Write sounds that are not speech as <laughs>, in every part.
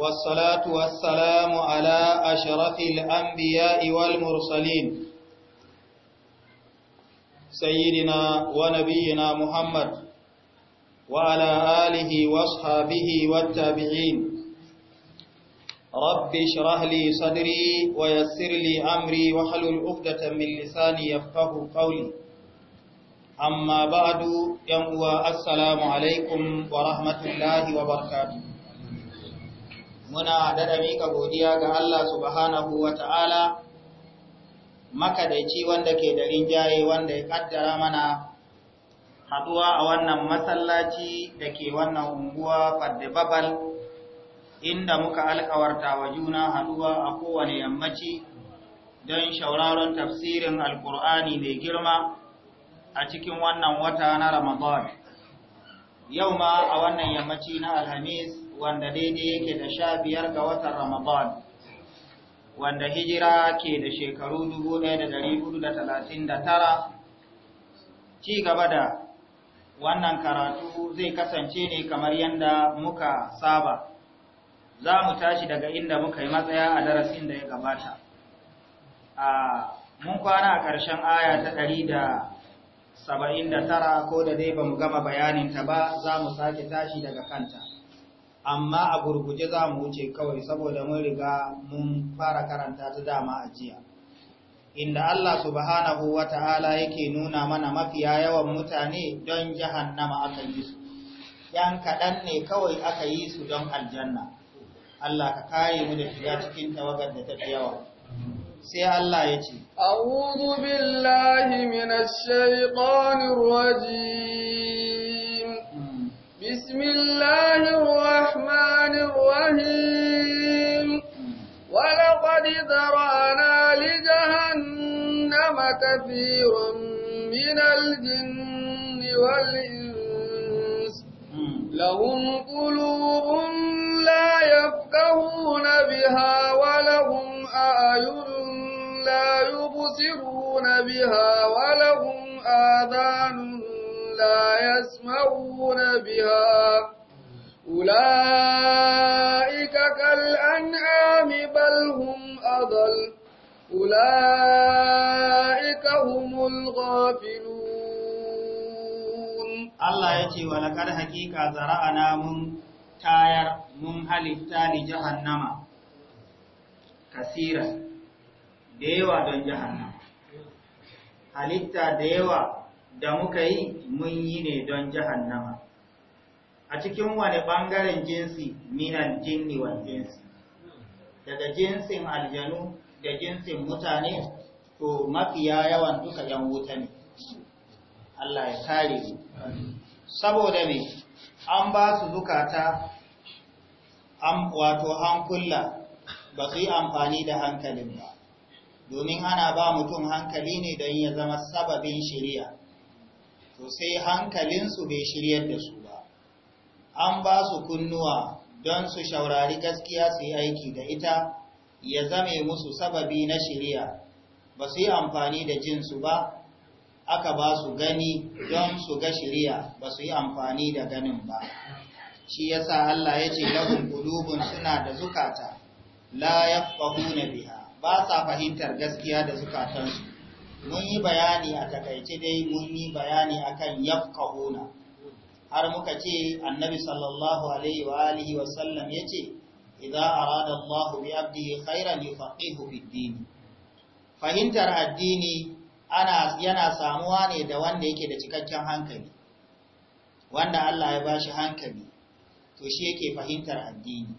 والصلاة والسلام على أشرف الأنبياء والمرسلين سيدنا ونبينا محمد وعلى آله واصحابه والتابعين رب اشرح لي صدري ويسر لي أمري واحلل عقدة من لساني يفقه قولي أما بعد يوم السلام عليكم ورحمة الله وبركاته muna daɗa mika godiya ga Allah subhanahu wa ta'ala makadaici wanda ke da rinjaye wanda ya ƙaddara mana haɗuwa a wannan masallaci da ke wannan unguwa Babal, inda muka alkawarta wa juna haɗuwa a kowane yammaci don shauraron tafsirin alkur'ani mai girma a cikin wannan wata na Ramadan. Yau ma a wannan yammaci na Alhamis wanda daidai yake da sha biyar ga watan Ramadan, wanda hijira ke da shekaru 1439, ci gaba da wannan karatu zai kasance ne kamar yadda muka saba, za mu tashi daga inda muka yi matsaya a darasin da ya gabata. A mun kwana a ƙarshen aya ta ɗari da saba'in da tara ko da dai ba mu gama bayaninta ba za mu sake tashi daga kanta. amma a gurguje za mu wuce kawai saboda mun riga mun fara karanta ta dama a jiya inda Allah subhanahu wa ta'ala yake nuna mana mafiya yawan mutane don jahannama aka yi su yan kaɗan ne kawai aka yi su don aljanna Allah ka kare mu da shiga cikin tawagar da ta fi yawa sai Allah ya ce a'udhu billahi minash shaitanir rajim بسم الله الرحمن الرحيم ولقد ذرأنا لجهنم كثيرا من الجن والإنس لهم قلوب لا يفقهون بها ولهم أعين لا يبصرون بها ولهم آذان لا يسمعون بها أولئك كالأنعام بل هم أضل أولئك هم الغافلون الله يتي ولقد حقيقة زرعنا من تاير من هلفتا لجهنم كثيرا ديوة دون جهنم halitta da yawa da muka yi mun yi ne don jahannama a cikin wani ɓangaren jinsi minan jinni wal jinsi daga jinsin aljanu da jinsin mutane to mafiya yawan duka yan wuta ne Allah ya kare mu saboda me an ba su zukata an wato an kulla ba su yi amfani da hankalin ba domin ana ba mutum hankali ne don ya zama sababin shari'a to sai hankalinsu bai shiryar da su ba an ba su kunnuwa don su shaurari gaskiya su yi aiki da ita ya zame musu sababi na shirya ba su yi amfani da jinsu ba aka ba su gani don su ga shirya ba su yi amfani da ganin ba shi ya sa Allah ya ce lahum gudubun suna da zukata la yafqahuna biha ba sa fahimtar gaskiya da zukatansu mun yi bayani a takaice dai mun yi bayani akan yafqahuna har muka ce annabi sallallahu alaihi wa alihi wa sallam yace idza arada Allahu bi abdihi khairan yufaqihu fid din fahimtar addini yana samuwa ne da wanda yake da cikakken hankali wanda Allah ya bashi hankali to shi yake fahimtar addini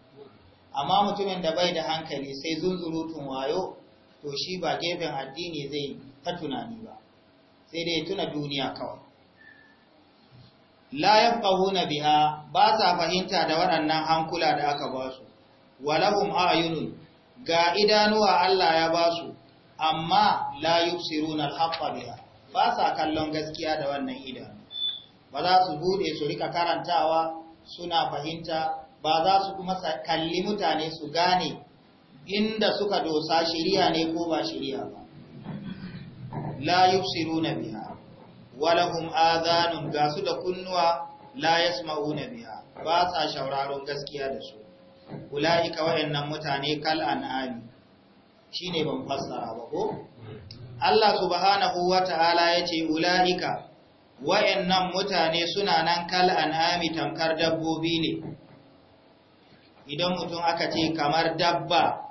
amma mutumin da bai da hankali sai zunzurutun wayo to shi ba gefen addini zai yi. ta tunani ba sai dai tuna duniya kawai la yafqahuna biha ba sa fahimta da waɗannan hankula da aka ba su walahum ayunun ga idanuwa Allah ya ba su amma la yusiruna alhaqqa biha ba sa kallon gaskiya da wannan idanu ba za su bude su rika karantawa suna fahimta ba za su kuma kalli mutane su gane inda suka dosa shiriya ne ko ba shiriya ba la yubsiruna biha walahum adhanun gasu da kunnuwa la yasma'una biha ba sa shauraron gaskiya da su ulaika wayannan mutane kal an'ami shine ban fassara ba ko Allah subhanahu wata'ala yace ulaika wayannan mutane suna nan kal an'ami tamkar dabbobi ne idan mutum aka ce kamar dabba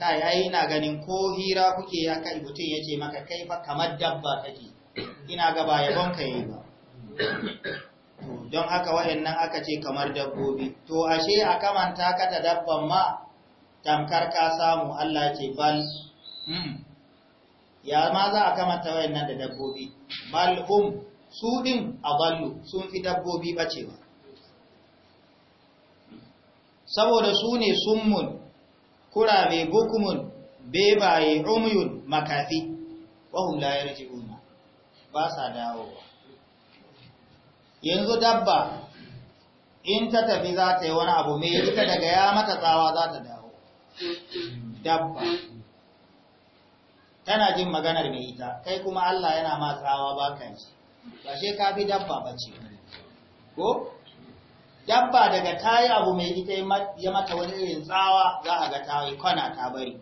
kai ai ina ganin ko hira kuke ya kai mutun ya ce maka kai fa kamar dabba kake ina ga ba yabon kai yi ba don haka wayennan aka ce kamar dabbobi to ashe a kamanta ka da dabban ma tamkar ka samu Allah ce bal hmm, ya ma za a kamanta wayennan da dabbobi bal hum su din aballu sun fi dabbobi bacewa saboda su ne summun kurabe bukumun bebaye umyun makafi wahum la yarji'una ba sa dawo yanzu dabba in ta tafi za ta yi wani abu mai ita daga ya mata tsawa za ta dawo dabba tana jin maganar mai ita kai kuma Allah yana ma ba kan ba she ka fi dabba ba ce ko dabba daga tayi abu mai ita ya mata wani irin tsawa za a ga tayi kwana ta bari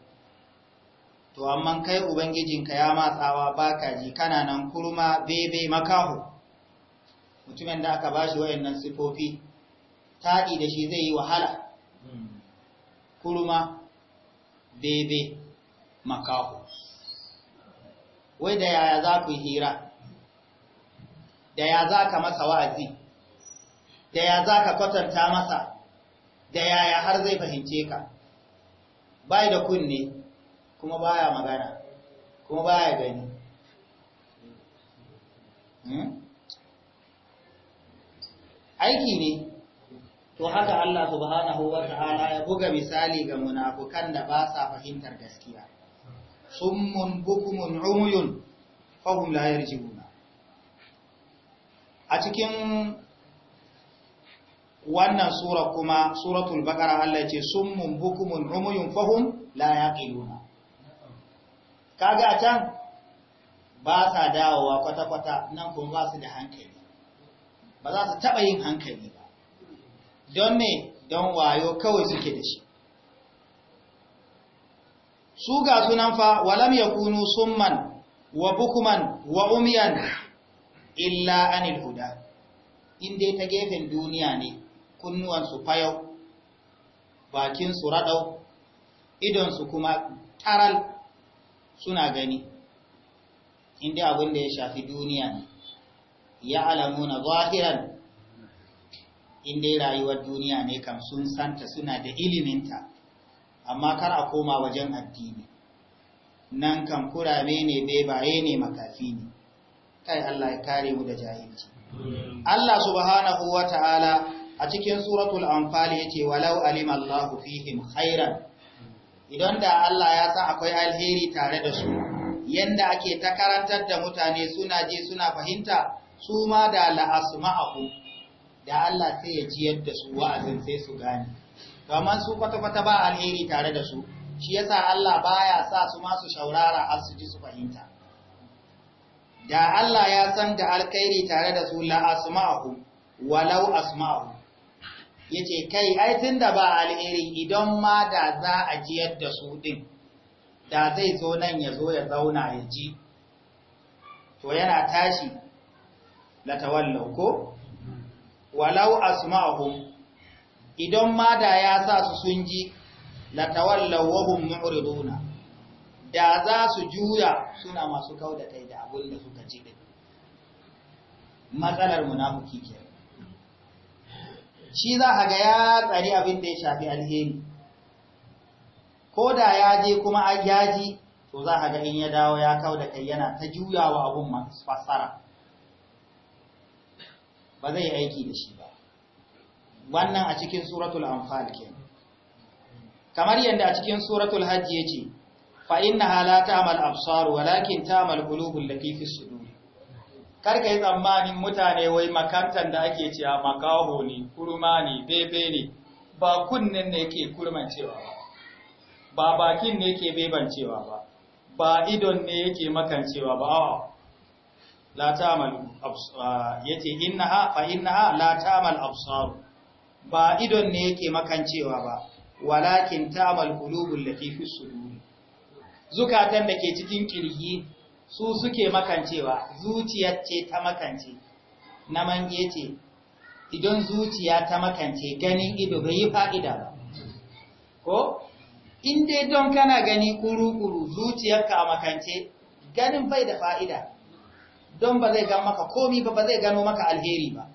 to amma kai ubangijinka ya ma tsawa, baka ji kana nan kurma bebe makaho mutumin da aka bashi wayannan sifofi Tadi da shi zai yi wahala kurma bebe makaho wai da yaya za ku hira da ya za ka masa wa'azi da ya za ka kwatanta masa da yaya har zai fahimce ka bai da kunne kuma baya magana kuma baya gani hmm? aiki ne to haka Allah subhanahu wa ta'ala ya buga misali ga munafukan da ba sa fahimtar gaskiya summun bukumun umuyun fahum la yarjibuna a cikin wannan sura kuma suratul baqara Allah ce summun bukumun umuyun fahum la yaqiluna kaga can ba sa dawowa kwata kwata nan kuma ba su da hankali ba za su taba yin hankali ba don me don wayo kawai suke da shi su ga sunan fa walam yakunu summan wa bukuman wa umyan illa anil huda in dai ta gefen duniya ne kunnuwansu fayau bakinsu raɗau idonsu kuma taral suna gani inda abin da ya shafi duniya ne ya alamuna zahiran inda rayuwar duniya ne kam sun santa suna da iliminta amma kar a koma wajen addini nan kan kurame ne baye ne makafi ne kai Allah ya kare mu da jahilci Allah subhanahu wa ta'ala a cikin suratul anfal yace walau alima Allahu fihim khairan idan da Allah ya san akwai alheri tare da su yanda ake ta karantar da mutane suna ji suna fahimta su ma da la da Allah sai ya ji yadda su wa'azin sai su gane kamar su kwata-kwata ba alheri tare da su shi yasa Allah baya sa su ma su shaurara har su ji su fahimta da Allah ya san da alkhairi tare da su la walau asma'u ya ce kai ai tun da ba al’iri idan ma da za a jiyar da su ɗin da zai zo nan ya zo ya zauna ya ji to yana tashi tawallau ko walau asma'ahum idan ma da ya sa su sun ji latawallau wahum mu'riduna da za su juya suna masu kauda kai da abin da suka ji din matsalar munafiki kenan shi za a ga ya tsari abin da ya shafi alheri ko da ya je kuma a yaji to za a ga in ya dawo ya kau da kai yana ta juyawa abun masu fassara ba zai aiki da shi ba wannan a cikin suratul anfal ke kamar yadda a cikin suratul hajji yace fa inna halata amal absar walakin ta'mal qulubul lati fi sudu karka yi tsammanin mutane wai makantan da ake cewa makaho ne kurma ne bebe ne ba kunnen ne ke kurmancewa ba ba bakin ne ke bebancewa ba ba idon ne yake makancewa ba awa, la ta'mal yace innaha fa innaha la ta'mal absar ba idon ne yake makancewa ba walakin ta'mal qulubul lati fi zukatan da ke cikin kirgi su suke makancewa zuciyar ce ta makance na mange ce idan zuciya ta makance ganin ido bai yi fa'ida ba ko in dai don kana gani kuru-kuru zuciyarka a makance ganin bai da fa'ida don ba zai gan maka komi ba ba zai gano maka alheri ba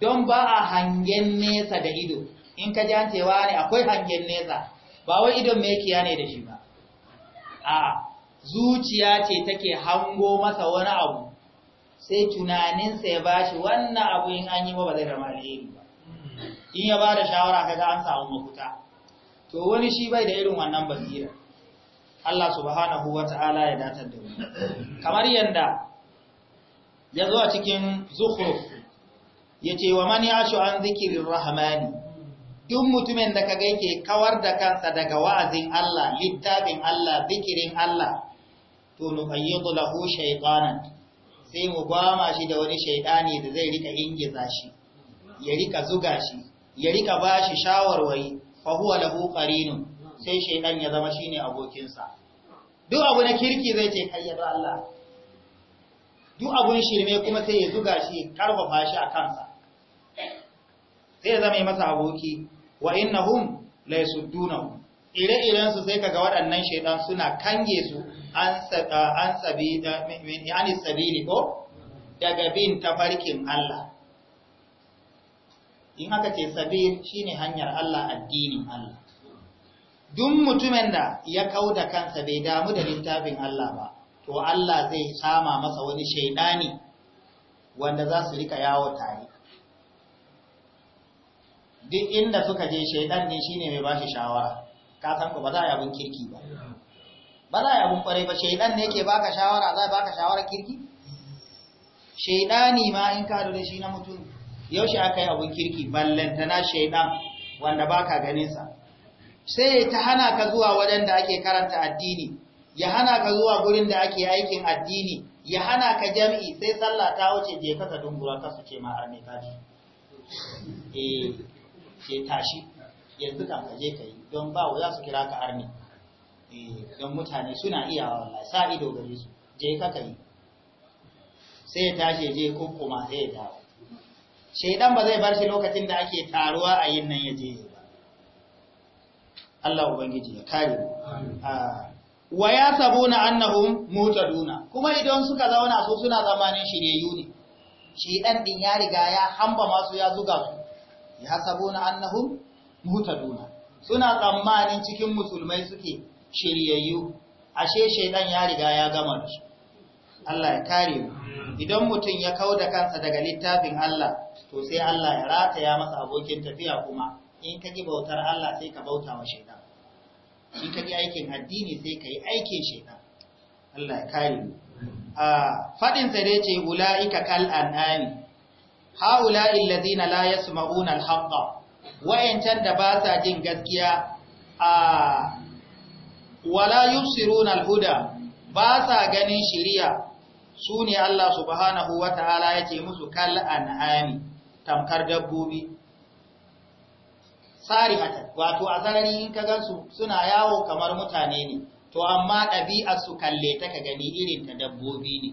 don ba a hangen nesa da ido in ka jantewa ne akwai hangen nesa ba wai idon mekiya ne da shi ba a zuciya ce take hango masa wani abu sai tunaninsa ya bashi wannan abu in an yi ba zai alheri ba in ya ba da shawara kaga an samu mafuta to wani shi bai da irin wannan basira Allah subhanahu wata'ala ya datar da mu kamar yanda ya zo a cikin zukhruf yace wa man yashu an zikrir rahmani duk mutumin da ka ke kawar da kansa daga wa'azin Allah littafin Allah zikirin Allah to nuqayyidu lahu shaytanan sai mu ma shi da wani shaytani da zai rika ingiza shi ya rika zuga shi ya rika bashi shawarwari fa huwa lahu qarinu sai shaytan ya zama shine abokinsa duk abu na kirki zai ce kai da Allah duk abun shirme kuma sai ya zuga shi ba shi a kansa sai ya zama masa aboki wa innahum laysudunahu yasuddunahu ire-irensu sai kaga waɗannan shaytan suna kange su an sabili ko daga bin tafarkin Allah in aka ce shi ne hanyar Allah addinin Allah duk mutumin da ya da kansa bai damu da littafin Allah ba to Allah zai sama masa wani shaidani wanda za su rika yawo tare duk inda suka je shaidan ne shine mai bashi shawara ka san ku ba za a yi abin kirki ba ba za a yi abin kwarai ba shaidan ne ke baka shawara za a baka shawara kirki shaidani ma in ka da shi na mutum yaushe aka yi abin kirki ballantana shaidan wanda baka ganinsa sai ta hana ka zuwa wajen da ake karanta addini ya hana ka zuwa gurin da ake aikin addini ya hana ka jam'i, sai sallah ta wuce je ka dungura ka su ce ma har ne kaji eh tashi yanzu kan ka je ka yi don ba za su kira ka arni Eh, don mutane suna iya wallahi sa ido gare su je ka kai sai ya tashi je kuma sai ya dawo shaidan ba zai bar shi lokacin da ake taruwa a yin nan ya je ba Allah ubangiji ya kare mu ah, wa ya sabuna annahum mutaduna kuma idan suka zauna su suna zamanin shiryayyu ne shaidan din ya riga ya hamba masu ya zuga su ya sabuna annahum mutaduna suna tsammanin cikin musulmai suke shiryayyu ashe shaidan ya riga ya gama shi Allah ya kare mu idan mutum ya kauda kansa daga littafin Allah to sai Allah ya rataya masa abokin tafiya kuma in ka ji bautar Allah sai ka bauta wa shaidan in ka ji aikin addini sai ka yi aikin shaidan Allah ya kare mu a fadin sa dai ce ulaika kal anani haula allazina la yasma'una al wa in da ba sa jin gaskiya a wala yusiruna al-huda ba sa ganin shiriya su ne Allah subhanahu wa ta'ala yake musu kal an'ami tamkar dabbobi sarihatan wato a zarari in ka gansu suna yawo kamar mutane ne to amma ɗabi'ar su kalle ta ka gani irin ta dabbobi ne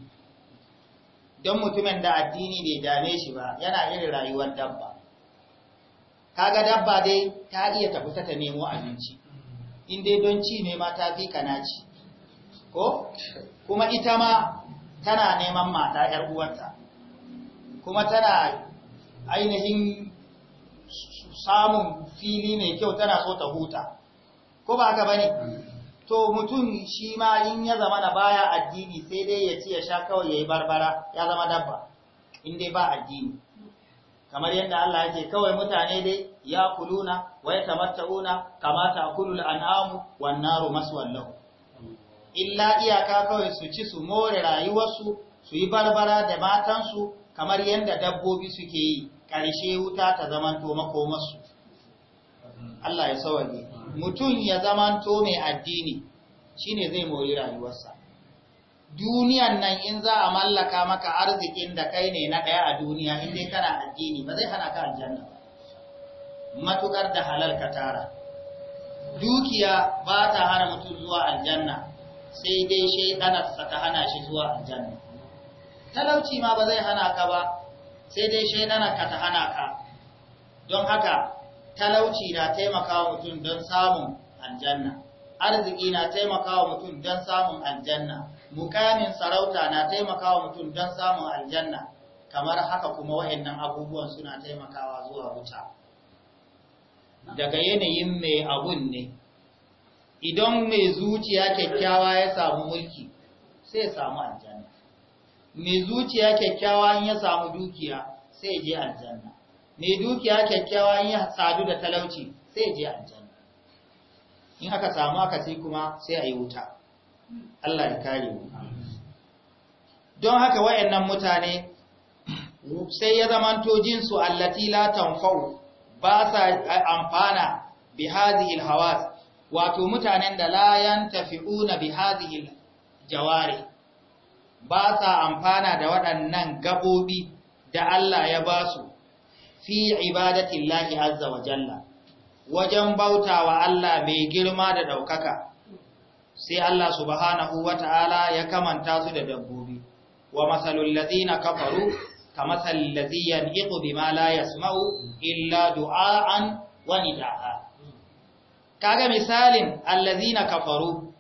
don mutumin da addini bai dame shi ba yana irin rayuwar dabba kaga dabba dai ta iya tafi ta nemo abinci in dai don ci ne ma ta fi ka ci. ko kuma ita ma tana neman mata ‘yar uwanta, kuma tana ainihin samun fili mai kyau tana so ta huta ko ba ka bane to mutum shi ma in ya zama na baya addini sai dai ya ci ya sha kawai ya yi barbara ya zama dabba in dai ba addini kamar yadda Allah ya kawai mutane dai ya kuluna wa yatamatta'una kama ta'kulul an'amu wan naru maswan illa iyaka kawai su ci su more rayuwarsu su yi barbara da matansu kamar yadda dabbobi suke yi ƙarshe wuta ta zamanto makomarsu Allah ya mutum ya zamanto mai addini shine zai mori rayuwarsa duniyan nan in za a mallaka maka arzikin da kai ne na ɗaya a duniya in dai kana addini ba zai hana ka aljanna ba matukar da halal ka tara dukiya ba ta hana mutum zuwa aljanna sai dai shaidanarsa ta hana shi zuwa aljanna talauci ma ba zai hana ka ba sai dai shaidanarka ta hana ka don haka talauci na taimakawa mutum don samun aljanna arziki na taimakawa mutum don samun aljanna mukamin sarauta na taimakawa mutum don samun aljanna kamar haka kuma wa'annan abubuwan suna taimakawa zuwa wuta daga yanayin mai abun ne idan mai zuciya kyakkyawa ya samu mulki sai ya samu aljanna mai zuciya kyakkyawa in ya samu dukiya sai ya je aljanna mai dukiya kyakkyawa in ya sadu da talauci sai ya je aljanna in aka samu aka sai kuma sai a yi wuta Allah ya kare mu don haka wayannan mutane sai ya zamanto jinsu allati la tanfa'u ba sa eh, amfana bi hadhihi Hawas, wato mutanen da la yantafi'una bi hadhihi Jawari. ba sa amfana da waɗannan gabobi da Allah ya ba su fi ibadatillahi azza wa jalla wajen bautawa Allah mai girma da ɗaukaka sai Allah subhanahu wata'ala ya kamanta su da dabbobi wa masalul ladina kafaru kamasal ladhi yanqu bima ya sumau illa du'aan wa nidaa kaga misalin allazina kafaru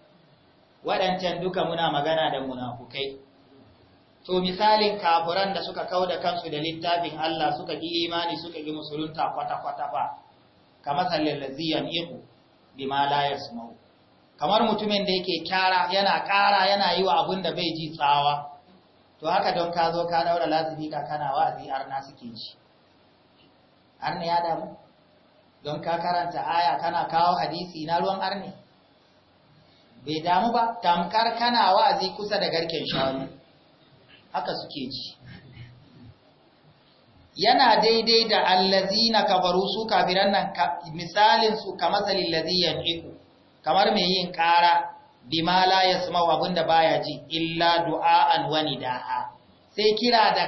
wadancan duka muna magana da munafukai to misalin kafuran da suka kauda kansu da littafin Allah suka ki imani suka ki musulunta kwata kwata fa kamasal ladhi yanqu bima ya sumau. kamar mutumin da yake kyara yana kara yana yi wa abin da bai ji tsawa to haka don ka zo ka daura ka kana wa'azi arna suke ji arna ya damu don ka karanta aya kana kawo hadisi na ruwan arne bai damu ba tamkar kana wa'azi kusa da garken shanu haka suke ji yana daidai da na kabaru su kafiran nan misalin su salillazi yan iku kamar mai yin ƙara bima la yasma'u abinda baya ji illa du'a'an wa nida'a sai kira da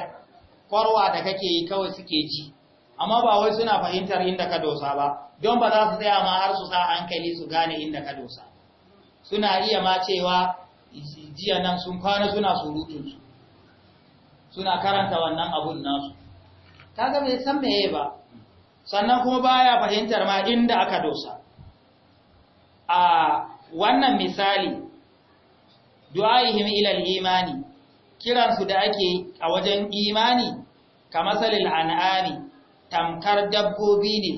farwa da kake yi kawai suke ji amma ba wai suna fahimtar inda ka dosa ba don ba za su tsaya ma har su sa hankali su gane inda ka dosa suna iya ma cewa jiya nan sun kwana suna surutun su, suna karanta wannan abun nasu kaga bai san meye ba sannan kuma baya fahimtar ma inda aka dosa a wannan misali du'aihim ilal imani kiransu da ake a wajen imani kamasalil an'ami tamkar dabbobi ne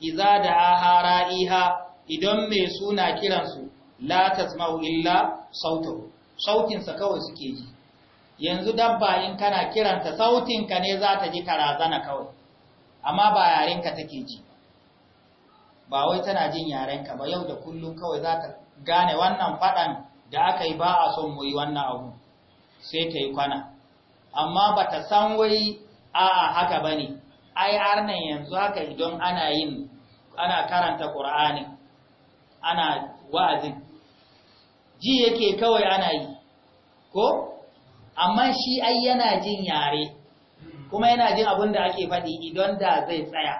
iza da ahara'iha idan mai suna kiransu la tasma'u illa sautu sa kawai suke ji yanzu dabba in kana kiranta sautin ka ne za ta ji karazana kawai amma ba yarenka take ji ba wai tana jin yarenka ba yau da kullum kawai za ta gane wannan faɗan da aka yi ba a son mu yi wannan abu sai ta yi kwana amma ba ta san wai a haka ba ne ai arnan yanzu haka idan ana yin ana karanta ƙur'ani ana wa'azin ji yake kawai ana yi ko amma shi ai yana jin yare kuma yana jin abin da ake faɗi idan da zai tsaya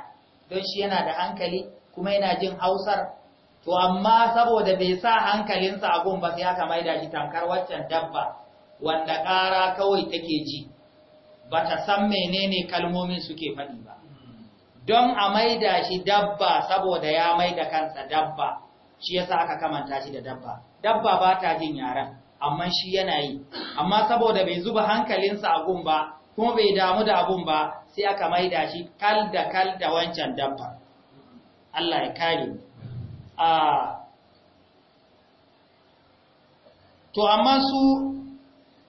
don shi yana da hankali kuma yana jin hausar to amma saboda bai sa hankalinsa a gun ba sai aka maida shi tankar waccan dabba wanda ƙara kawai take ji ba ta san menene kalmomin suke faɗi ba don a maida shi dabba saboda ya maida kansa dabba shi yasa aka kamanta shi da dabba dabba ba ta jin yaren amma shi yana yi amma saboda bai zuba hankalinsa a gun ba kuma bai damu da abun ba sai aka maida shi kal da kal da wancan dabba Allah ya kare mu a to amma su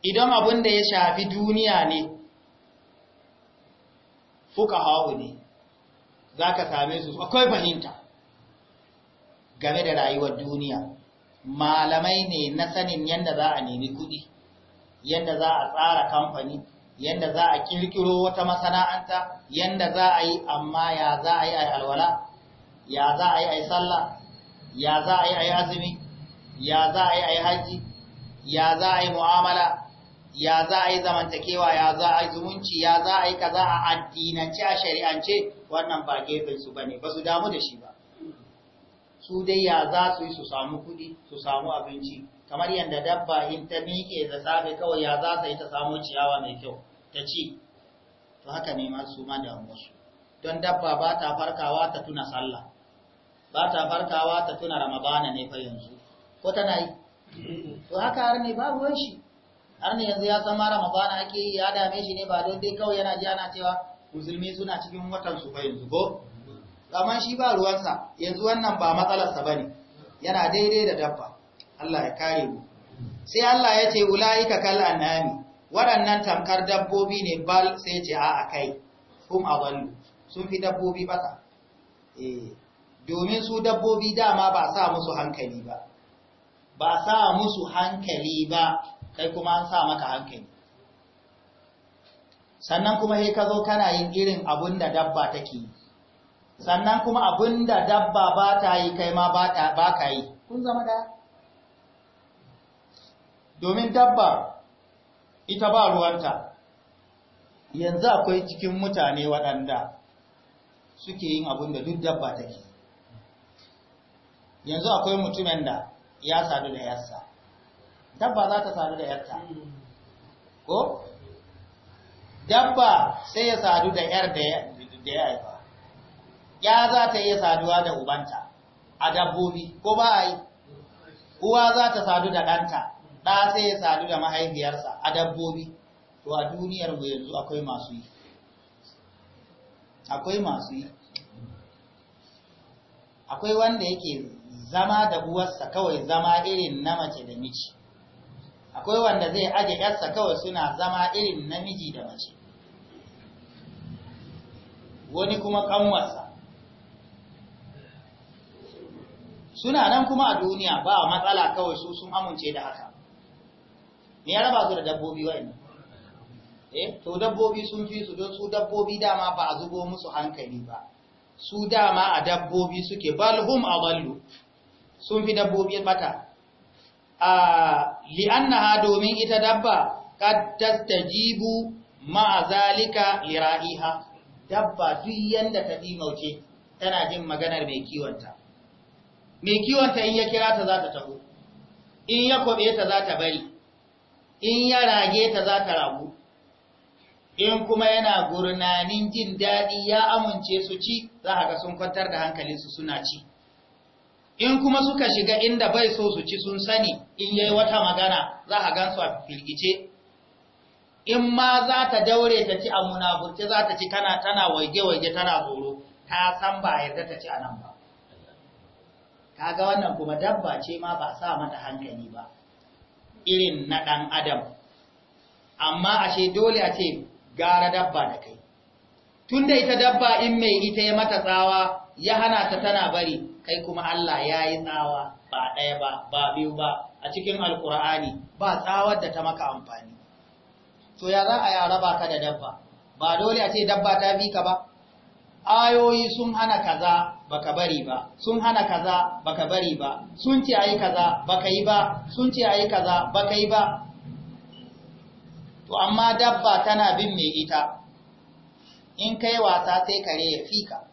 idan abin da ya shafi duniya ne fuka hau ne za ka same su akwai fahimta game da rayuwar duniya malamai ne na sanin yadda za a nemi kudi yadda za a tsara kamfani yadda za a kirkiro wata masana'anta yadda za a yi amma ya za a yi alwala ya za a yi sallah ya za a yi a azumi ya za a yi a yi haji ya za a yi mu'amala ya za a yi zamantakewa ya za a yi zumunci ya za a yi kaza a addinance a shari'ance wannan ba gefen su bane ba su damu da shi ba su dai ya za su yi su samu kuɗi su samu abinci kamar yadda dabba in ta miƙe da safe kawai ya za ta yi ta samu ciyawa mai kyau ta ci to haka ne ma su ma damu su don dabba ba ta farkawa ta tuna sallah ba ta farkawa ta tuna ramadana ne fa yanzu ko tana yi to haka har ne babu ruwan shi har ne yanzu ya san ma ramadana ake yi ya dame shi ne ba don dai kawai yana ji ana cewa musulmi suna cikin watan su fa yanzu ko amma shi ba ruwansa yanzu wannan ba matsalarsa ba ne yana daidai da dabba Allah ya kare mu sai Allah ya ce ula'ika kal anami waɗannan tamkar dabbobi ne bal sai ce a akai hum adallu sun fi dabbobi baka eh domin su dabbobi dama ba sa musu hankali ba ba sa musu hankali ba kai kuma an sa maka hankali sannan kuma he ka zo kana yin irin abin da dabba take yi sannan kuma abin da dabba ba ta yi kai ma ba ka yi kun zama da domin dabba ita ba ruwanta yanzu akwai cikin mutane waɗanda suke yin abun da duk dabba take yi yanzu akwai mutumin da ya sadu da yarsa dabba za ta sadu da yarta ko dabba sai ya sadu da yar da ya haifa ya za ta iya saduwa da ubanta a dabbobi ko ba a yi uwa za ta sadu da ɗanta ɗa sai ya sadu da mahaifiyarsa a dabbobi to a duniyar mu yanzu akwai masu yi akwai masu yi akwai wanda yake zama da uwarsa kawai zama irin na mace da miji akwai wanda zai aje yarsa kawai suna zama irin na miji da mace wani kuma kanwarsa suna nan kuma a duniya ba matsala kawai su sun amince da haka me ya raba su da dabbobi wa'annan eh to dabbobi sun fi su don su dabbobi dama ba a zubo musu hankali ba su dama a dabbobi suke balhum a ballu sun fi dabbobin bata a ha domin ita dabba ta jibu ma'a zalika lira'iha dabba duk yadda ta dimauce tana jin maganar mai kiwonta mai kiwonta in ya kira ta za ta taho in ya kwabe ta za ta bari in ya rage ta za ta ragu in kuma yana gurnanin jin daɗi ya amince su ci za a ga sun kwantar da hankalinsu suna ci in kuma suka shiga inda bai so su ci sun sani in yayi wata magana za a gansu a firgice in ma za ta daure ta ci a munafurce za ta ci kana tana waige-waige tana tsoro ta san ba yarda ta ci a nan ba kaga wannan kuma dabba ce ma ba sa mata hankali ba irin na ɗan adam amma ashe dole a ce gara dabba da kai tunda ita dabba in mai ita ya mata tsawa ya hana ta tana bari kai kuma Allah ya yi tsawa ba ɗaya ba ba biyu ba a cikin alkur'ani ba tsawar da ta maka amfani to ya za a ya raba ka da dabba ba dole a ce dabba ta bi ka ba ayoyi sun hana kaza ka bari ba sun hana kaza ka bari ba sun ce a yi kaza ka yi ba sun ce a yi kaza ka yi ba to amma dabba tana bin mai ita in kai wasa sai kare ya ka.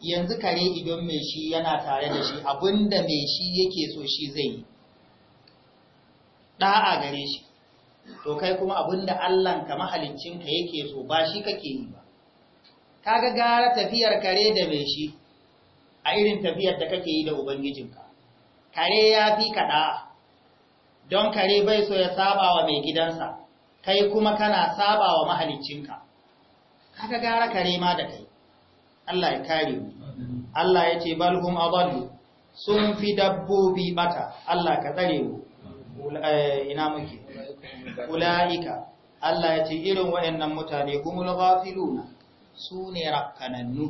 yanzu kare idan mai shi yana tare da shi abinda mai shi yake so shi zai yi ɗa'a gare shi to kai kuma abinda Allah ka mahalicinka yake so ba shi kake yi ba kaga gara tafiyar kare da mai shi a irin tafiyar da kake yi da ubangijinka kare ya fi ka ɗa'a don kare bai so ya saba wa mai gidansa kai kuma kana saba wa mahalicinka kaga gara kare ma da kai Allah ya kare mu Allah ya ce bal adallu sun fi dabbobi bata Allah ka tsare mu eh, ina muke ulaika Allah ya ce irin waɗannan mutane humul ghafiluna su ne rakkanannu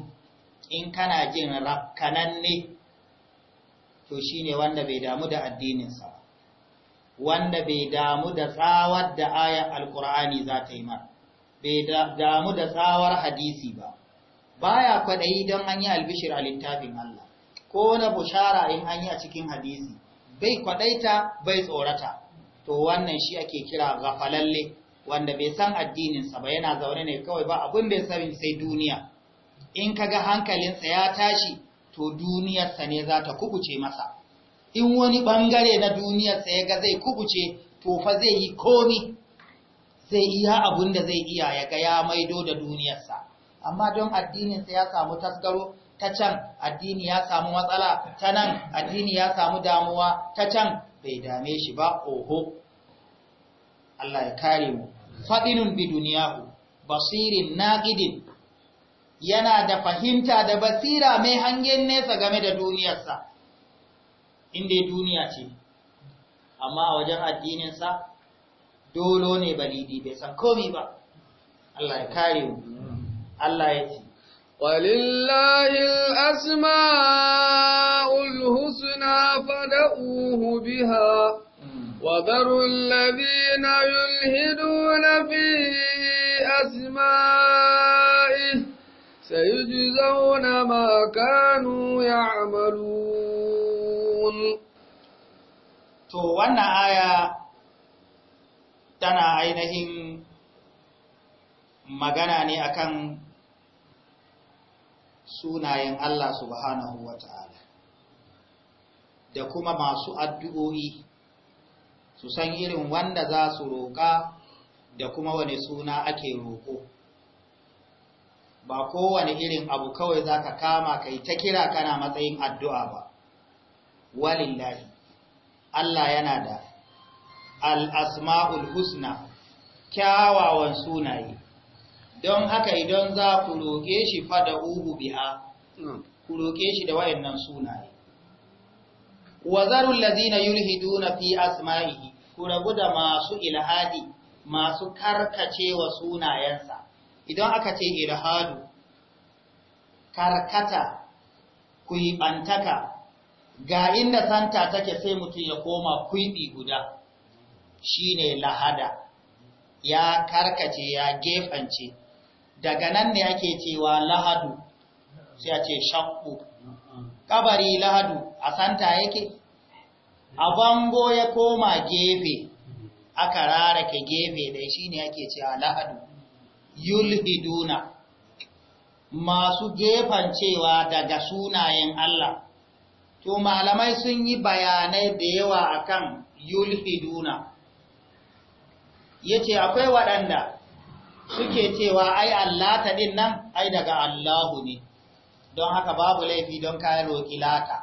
in kana jin rakkananne to shine wanda bai damu da addininsa wanda bai damu da tsawar da ayar alkur'ani za ta yi ma bai damu da tsawar hadisi ba baya kwaɗayi don an yi albishir a littafin Allah ko na bushara in an yi a cikin hadisi bai kwaɗaita bai tsorata to wannan shi ake kira gafalalle wanda bai san addininsa ba yana zaune ne kawai ba abin bai ya sani sai duniya in kaga hankalinsa ya tashi to duniyarsa ne za ta kubuce masa in wani bangare na duniyarsa ya ga zai kubuce to fa zai yi komi zai iya abin da zai iya ya ga ya maido da duniyarsa amma don addininsa ya samu tasgaro ta can addini ya samu matsala ta nan addini ya samu damuwa ta can bai dame shi ba oho Allah ya kare mu fadinun bi duniyahu basirin naqidin yana da fahimta da basira mai hangen nesa game da duniyarsa inda duniya ce amma a wajen addininsa dolo ne balidi bai san komai ba Allah ya kare mu Allah ya ce, Walillahi asma’ul husna fada uhu biha, wa zarun labi na yulhidu na fi asma’i, sai ji zauna ya amalu. To, wannan aya tana ainihin magana ne akan sunayen Allah subhanahu wa ta'ala da kuma masu addu'o'i su san irin wanda za su roƙa da kuma wani suna ake roƙo ba kowane irin abu kawai za ka kama kai ta kira kana matsayin addu'a ba walin walillahi Allah yana da al'asma'ul husna kyawawan sunaye don haka idan za ku roƙe shi fada uhu biha ku roƙe shi da wayannan sunaye wa zarul ladina yulhiduna fi asma'ihi ku rabu da masu ilhadi masu karkacewa sunayensa idan aka ce ilhadu karkata kuibantaka ga inda santa take sai mutum ya koma kuibi guda shine lahada ya karkace ya gefance daga nan ne ake cewa lahadu sai a ce shakku kabari lahadu a santa yake a bango ya koma gefe aka rarake gefe dai ne ake cewa lahadu yulhiduna masu gefan cewa daga sunayen Allah to malamai sun yi bayanai da yawa akan yulhiduna yace akwai waɗanda suke cewa ai allata din nan ai daga Allahu ne don haka babu laifi don kayan roƙi lata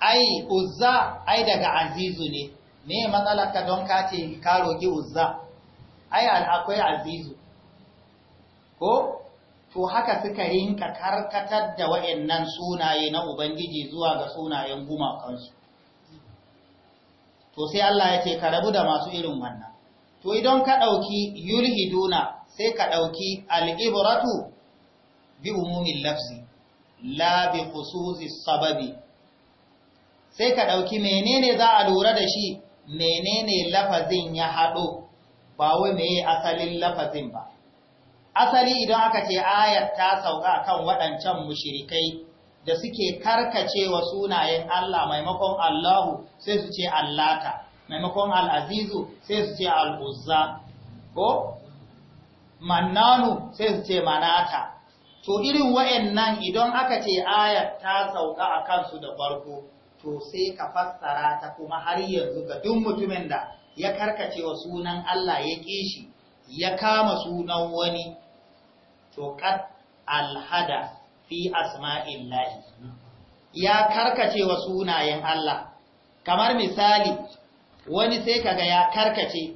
ai uzza ai daga azizu ne me matsalarka don ka ce ka roƙi uzza ai akwai azizu ko to haka suka rinka karkatar da waɗannan sunaye na ubangiji zuwa ga sunayen gumakansu to sai Allah ya ce ka rabu da masu irin wannan to idan ka ɗauki yulhiduna sai ka ɗauki al'ibratu bi umumin lafzi la bi khususi sababi sai ka ɗauki menene za a lura da shi menene lafazin ya haɗo ba wai asalin lafazin ba asali idan aka ce ayat ta sauka kan waɗancan mushirikai da suke karkacewa sunayen Allah maimakon Allahu sai su ce Allah ta. maimakon al'azizu sai su ce al'uzza ko mannanu sai su ce manata to irin wa'yannan idan aka ce ayat ta sauka a kansu da farko to sai ka fassara ta kuma har yanzu ga duk mutumin da ya karkace wa sunan Allah ya shi ya kama sunan wani to kat alhada fi lahi ya karkace wa sunayen Allah kamar misali wani sai kaga ya karkace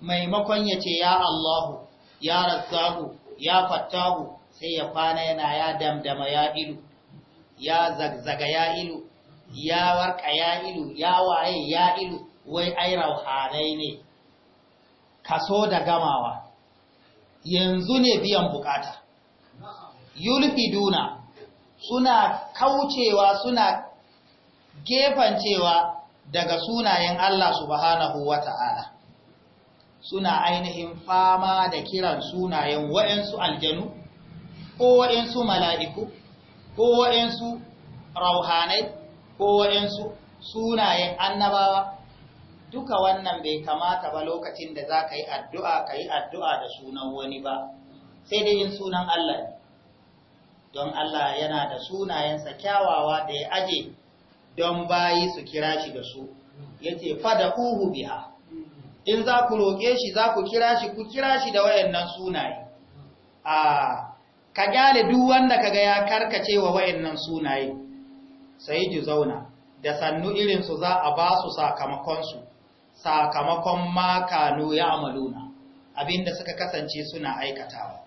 maimakon ya ce ya Allahu ya Razzaku ya Fattahu sai ya fana yana ya damdama ya ilu ya zagzaga ya ilu ya warka ya ilu ya waye ya ilu wai ai rauhanai ne kaso da gamawa yanzu ne biyan bukata yulfiduna suna kaucewa suna gefancewa daga sunayen Allah subhanahu wa ta'ala suna ainihin fama da kiran sunayen wa'yansu aljanu ko wa'yansu mala'iku ko wa'yansu rauhanai ko wa'yansu sunayen annabawa duka wannan bai kamata ba lokacin da za ka yi addu'a ka yi addu'a da sunan wani ba sai dai yin sunan Allah ne. don Allah yana da sunayensa kyawawa da ya aje don bayi su kira shi da su yace fada uhu biha in za ku roƙe shi za ku kira shi ku kira shi da wayannan sunaye a ka gyale duk wanda kaga ya karkace wa wayannan sunaye sai ji zauna da sannu irin su za a ba su sakamakon su sakamakon makano ya amaluna abinda suka kasance suna aikatawa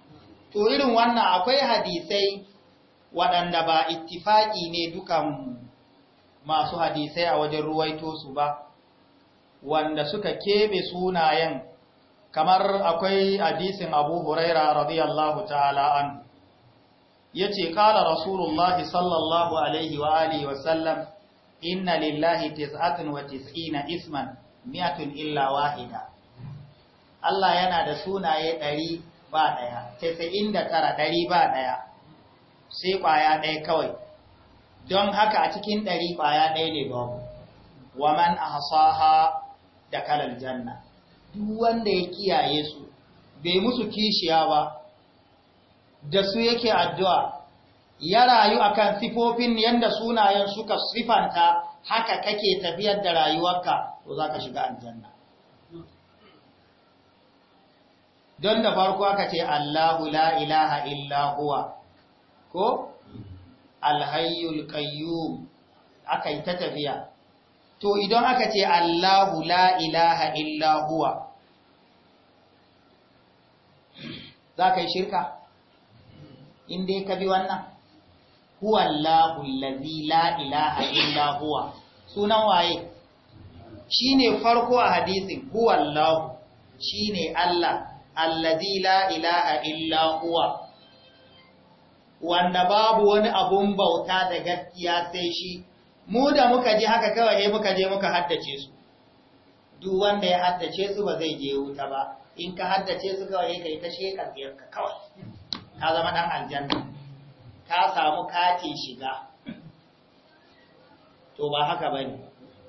to irin wannan akwai hadisai waɗanda ba ittifaƙi ne dukan masu hadisai a wajen ruwaito su ba wanda suka keɓe sunayen kamar akwai hadisin abu huraira radiyallahu ta'ala an ya ce rasulullahi sallallahu alaihi wa alihi wasallam inna lillahi tis'atun wa tis'ina isman mi'atun illa wahida Allah yana da sunaye ɗari ba ɗaya, tasa'in da tara ɗari ba ɗaya, sai kwaya ɗaya kawai, don haka a cikin ɗari ƙwaya ɗaya ne babu wa man ahsaha da kalar janna duk wanda ya kiyaye su bai musu kishiya ba da su yake addu'a ya rayu akan sifofin yanda sunayen suka sifanta haka kake tafiyar da rayuwarka to ka shiga aljanna don da farko ka ce Allahu la ilaha illa huwa ko alhayyul qayyum aka yi ta tafiya to idan aka ce Allahu la ilaha illa huwa za ka yi shirka inda ya kabi wannan huwa Allahu lazi la ilaha illa huwa sunan waye shi ne farko a hadisin huwa Allahu shi ne Allah allazi la ilaha illa huwa wanda babu wani abun bauta da gaskiya sai shi mu da muka ji haka kawai muka je muka haddace su duk wanda ya haddace su ba zai je wuta ba in ka haddace su kawai kai ta she ka kawai ka zama dan aljanna ka samu katin shiga to ba haka bane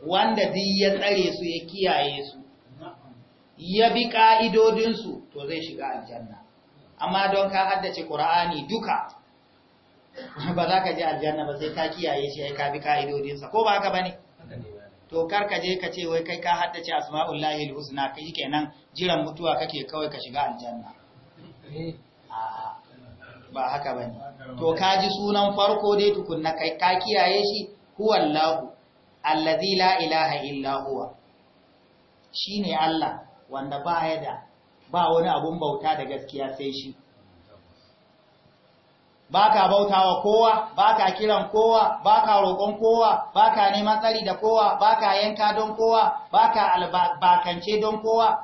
wanda duk ya tsare su ya kiyaye su ya bi ka'idodinsu to zai shiga aljanna amma don ka haddace Qur'ani duka <laughs> ba za ka je aljanna ba sai ka kiyaye shi ka bi ka'idodinsa ko ba haka ba ne to kar ka je ka ce wai kai ka haddace Asma'ul lahi alhusna kai kenan jiran mutuwa kake kawai ka shiga aljanna ba haka bane to ka ji sunan farko dai tukunna kai ka kiyaye shi huwallahu allazi la ilaha illa huwa shine Allah wanda ba ya da ba wani abun bauta da gaskiya sai shi ba ka bautawa kowa ba ka kiran kowa ba ka roƙon kowa ba ka neman tsari da kowa ba ka yanka don kowa ba ka albakance don kowa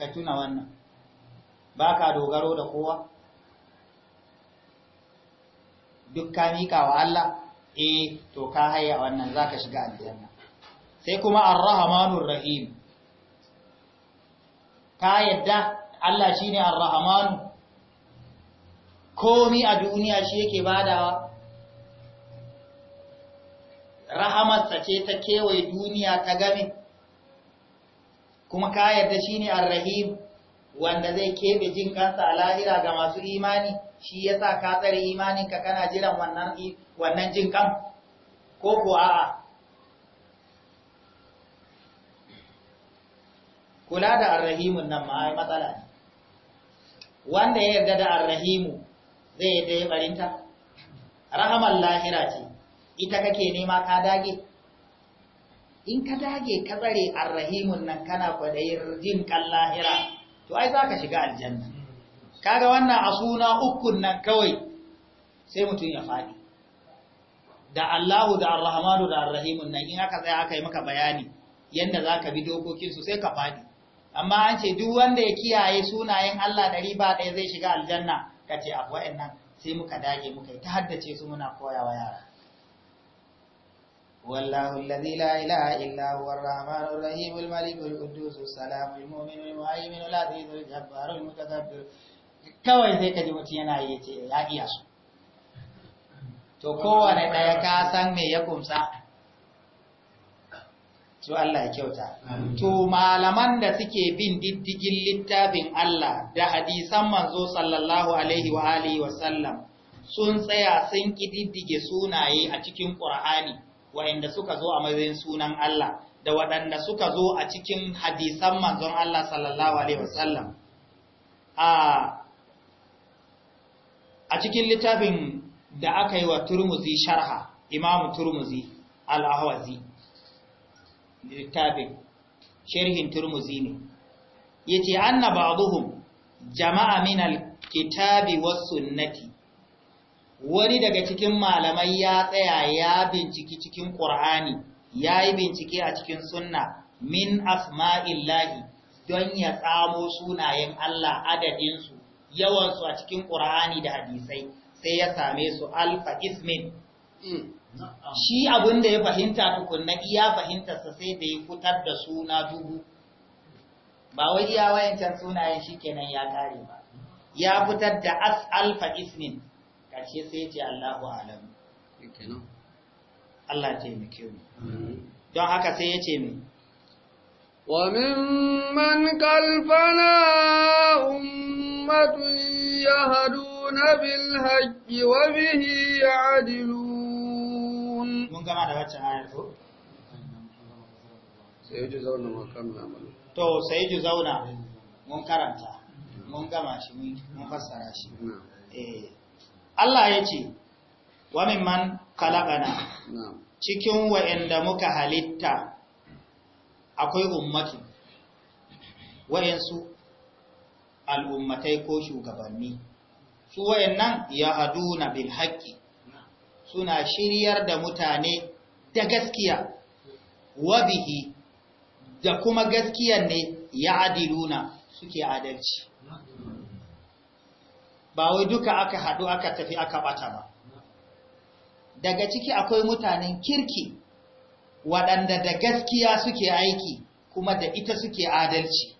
ka tuna wannan ba ka dogaro da kowa duk ka miƙa wa Allah eh to ka haya wannan za ka shiga aljanna sai kuma arrahmanur rahim ka yadda Allah shine arrahmanur komi a duniya shi yake badawa rahamarsa ce ta kewaye duniya ta game kuma ka yarda shi ne arrahim wanda zai keɓe jin kansa a lahira ga masu imani shi ya sa ka tsare imaninka kana jiran wannan jin kan ko ko a'a kula da arrahimun nan ma matsala ne wanda ya yarda da arrahimu zai yi ɗaya barinta rahamar lahira ce ita kake nema ka dage in ka dage ka tsare al-rahimun nan kana kwadayin jin kan lahira to ai za ka shiga aljanna kaga wannan a suna ukun nan kawai sai mutum ya faɗi da Allahu da Arrahmanu da Arrahimun nan in aka tsaya aka yi maka bayani yadda za ka bi dokokinsu sai ka faɗi amma an ce duk wanda ya kiyaye sunayen Allah ɗari ba ɗaya zai shiga aljanna ka ce abu nan, sai muka dage muka yi ta haddace su muna koyawa yara wallahu alladhi la ilaha illa huwa ar-rahmanu ar-rahim al-malik al-quddus as-salamu al-mu'min al-mu'min al-aziz al-jabbar al-mutakabbir kawai sai kaji mutum yana yace ya iya su to kowa da daya ka san me ya kumsa su Allah ya kyauta. To malaman da suke bin diddigin littafin Allah da hadisan manzo sallallahu alaihi wa alihi wa sallam sun tsaya sun diddige sunaye a cikin ƙur'ani waɗanda suka zo a mazin sunan Allah da waɗanda suka zo a cikin hadisan manzon Allah sallallahu alaihi wa sallam. A cikin littafin da aka yi wa Turmuzi sharha, imamu Turmuzi al-Ahwazi littafin sharhin turmuzi ne yace anna ba'dhum jama'a min al-kitabi was-sunnati wani daga cikin malamai ya tsaya ya binciki cikin ya yayi bincike a cikin sunna min asma'illahi don ya tsamo sunayen Allah adadinsu yawansu a cikin ƙur'ani da hadisai sai ya same su alfa ismin hmm. shi abin da ya fahimta tukunna iya fahimtarsa sai da ya fitar da suna dubu ba wai iya wayancan sunayen shi kenan ya kare ba ya fitar da as alfa ismin ƙarshe sai ce Allahu alam Allah taimake mu don haka sai ya ce mai hadu na bilhaki, wa bihi ya يعدلون gama da waccan ayar ko sai ji zauna ma kan namalu to sai ji zauna mun karanta mun gama shi mun fassara shi eh Allah ya ce wa mimman kalaqana cikin wa'anda muka halitta akwai ummatu wa'ansu al'ummatai ko shugabanni su wa'annan ya haduna bil haqqi suna shiryar da mutane da gaskiya wabihi da kuma gaskiyar ne ya adiluna suke adalci ba wai duka aka haɗu aka tafi aka ɓata ba daga ciki akwai mutanen kirki waɗanda da gaskiya suke aiki kuma da ita suke adalci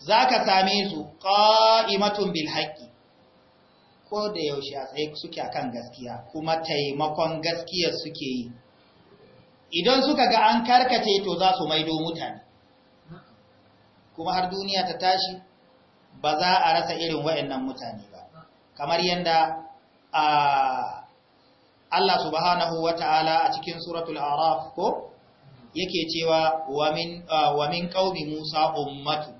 za ka same su ƙa'imatun bil ko da yaushe a tsaye suke kan gaskiya kuma taimakon gaskiya suke yi idan suka ga an karkace to za su maido mutane kuma har duniya ta tashi ba za a rasa irin wa'annan mutane ba kamar yadda Allah subhanahu wa ta'ala a cikin suratul araf ko yake cewa wa min qaumi musa ummatu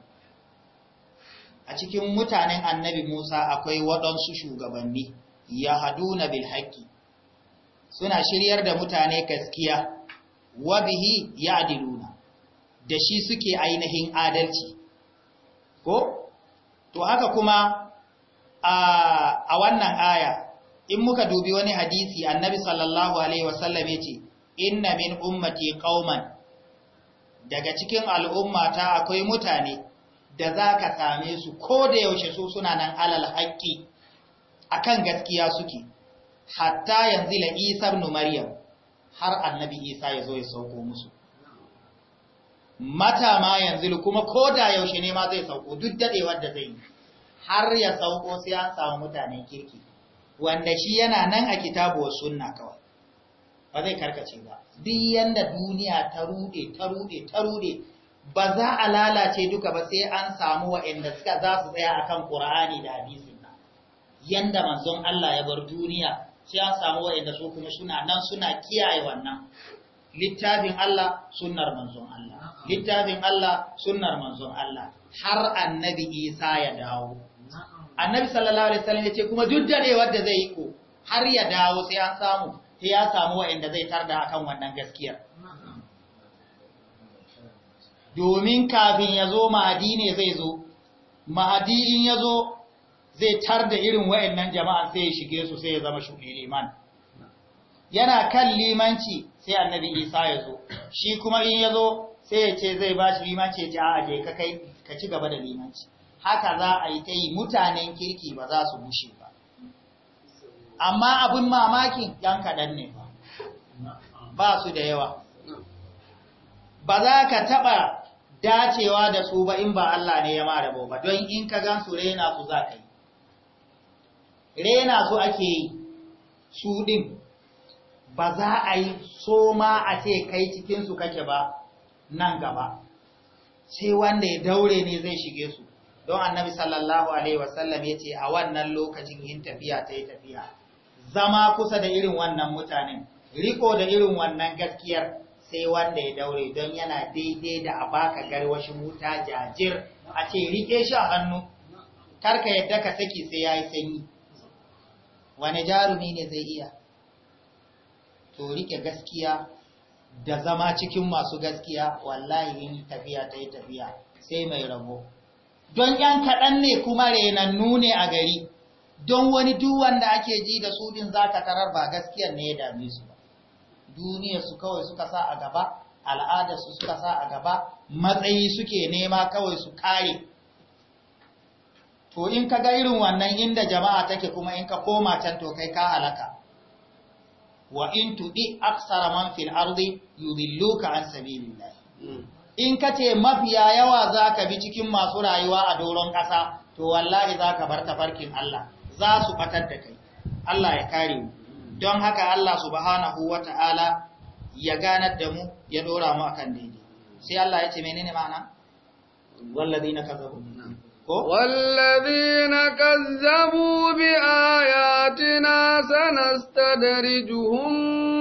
a cikin mutanen annabi Musa akwai waɗansu shugabanni ya na bil suna shiryar da mutane gaskiya wa bihi adiluna, da shi suke ainihin adalci ko to haka kuma a wannan aya in muka dubi wani hadisi annabi sallallahu alaihi wasallam ce, inna min ummati qauman daga cikin al'ummata akwai mutane da za ka same su ko da yaushe su suna nan alal haƙƙi akan gaskiya suke hatta yanzu la isa ibn maryam har annabi isa ya zo ya sauko musu mata ma yanzu kuma ko da yaushe ne ma zai sauko duk dadewar da zai har ya sauko sai an samu mutanen kirki wanda shi yana nan a kitabu wasu sunna kawai ba zai karkace ba duk yanda duniya ta rude ta rude ta rude ba za a lalace duka ba sai an samu waɗanda suka za su tsaya a kan Ƙur'ani da hadisin nan Yadda manzon Allah ya bar duniya sai an samu waɗanda su kuma suna nan suna kiyaye wannan littafin Allah sunnar manzon Allah littafin Allah sunnar manzon Allah har annabi Isa ya dawo annabi sallallahu alaihi wasallam ya ce kuma duk ne da zai yi ko har ya dawo sai an samu sai ya samu waɗanda zai tarda akan wannan gaskiyar domin kafin ya zo mahadi ne zai zo mahadi in ya zo zai tar da irin nan jama'a sai ya shige su sai ya zama shuɗi liman yana kan limanci sai annabi isa ya zo shi kuma in ya zo sai ya ce zai ba shi limanci ya ce a ka kai ka ci gaba da limanci haka za a yi ta yi mutanen kirki ba za su bushe ba amma abin mamakin yan kaɗan ne ba ba su da yawa ba za ka taɓa dacewa da su ba in ba Allah ne ya mara ba don in ka gan su rena su za ka yi rena su ake yi su ɗin ba za a yi so ma a ce kai cikinsu kake ba nan gaba sai wanda ya daure ne zai shige su don annabi sallallahu alaihi wasallam ya ce a wannan lokacin yin tafiya ta yi tafiya zama kusa da irin wannan mutanen riko da irin wannan gaskiyar sai wanda ya daure don yana daidai da a baka garwashin wuta jajir a ce rike shi a hannu karka yadda ka saki sai ya yi sanyi wani jarumi ne zai iya to rike gaskiya da zama cikin masu gaskiya wallahi yin tafiya ta yi tafiya sai mai rabo don ‘yan kaɗan ne kuma Renan nune a gari don wani duwanda ake ji da su din za ka tarar ba gaskiyar ne ya dame su Duniyarsu su kawai suka sa a gaba al'adarsu suka sa a gaba matsayi suke nema kawai su kare to in ka ga irin wannan inda jama'a take kuma in ka koma can to kai ka halaka wa in tudi aksara man fil ardi yudilluka an sabilillah in ka ce mafiya yawa za ka bi cikin masu rayuwa a doron ƙasa to wallahi za ka bar tafarkin Allah za su fatar da kai Allah ya kare mu don haka Allah subhanahu wa ta'ala ya ganar da mu ya ɗora mu a kan daidai sai Allah ya ce menene ma'ana walladina kazabu ko na kazzabu bi ayatina sanastadrijuhum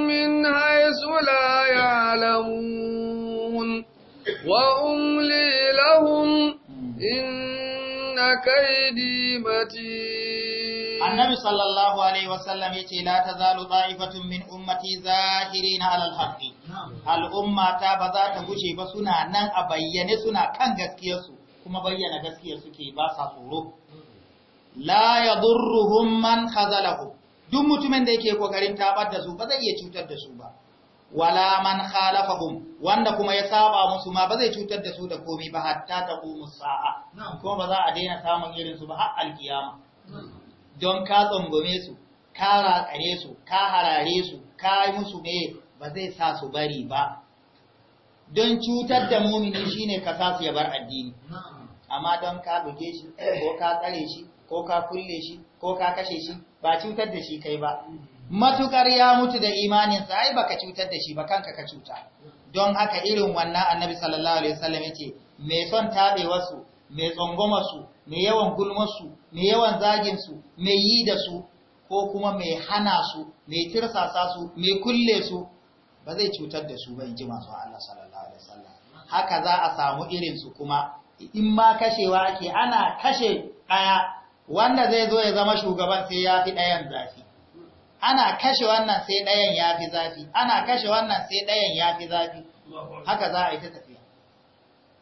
min haythu la ya'lamun wa umli lahum hmm. inna kaydi matin annabi sallallahu alaihi wasallam ce, la tazalu ta'ifatun min ummati zahirina alal haqqi al'ummata ba za ta gushe ba suna nan a bayyane suna kan gaskiyarsu kuma bayyana gaskiyar suke ba sa tsoro la yadurruhum man khazalahu duk mutumin da yake kokarin tabar da su ba zai iya cutar da su ba wala man khalafahum wanda kuma ya saba musu ma ba zai cutar da su da komai ba hatta taqumu sa'a kuma ba za a daina samun irin su ba har alkiyama don ka tsangwame su ka ratsare su ka harare su ka yi musu me ba zai sa su bari ba don cutar da mumini shine ka sa su ya bar addini amma don ka buge shi ko ka tsare shi ko ka kulle shi ko ka kashe shi ba cutar da shi kai ba matukar ya mutu da imaninsa ai baka cutar da shi ba kanka ka cuta don haka irin wannan annabi sallallahu alaihi wasallam ce, me son taɓe wasu mai su, mai yawan gulmarsu mai yawan zaginsu mai yi da su ko kuma mai hana su mai tirsasa su mai kulle su ba zai cutar da su ba in ji masu Allah sallallahu alaihi wasallam haka za a samu irin su kuma in ma kashewa ake ana kashe ɗaya wanda zai zo ya zama shugaban sai ya fi ɗayan zafi ana kashe wannan sai ɗayan ya fi zafi ana kashe wannan sai ɗayan ya fi zafi haka za a yi ta tafiya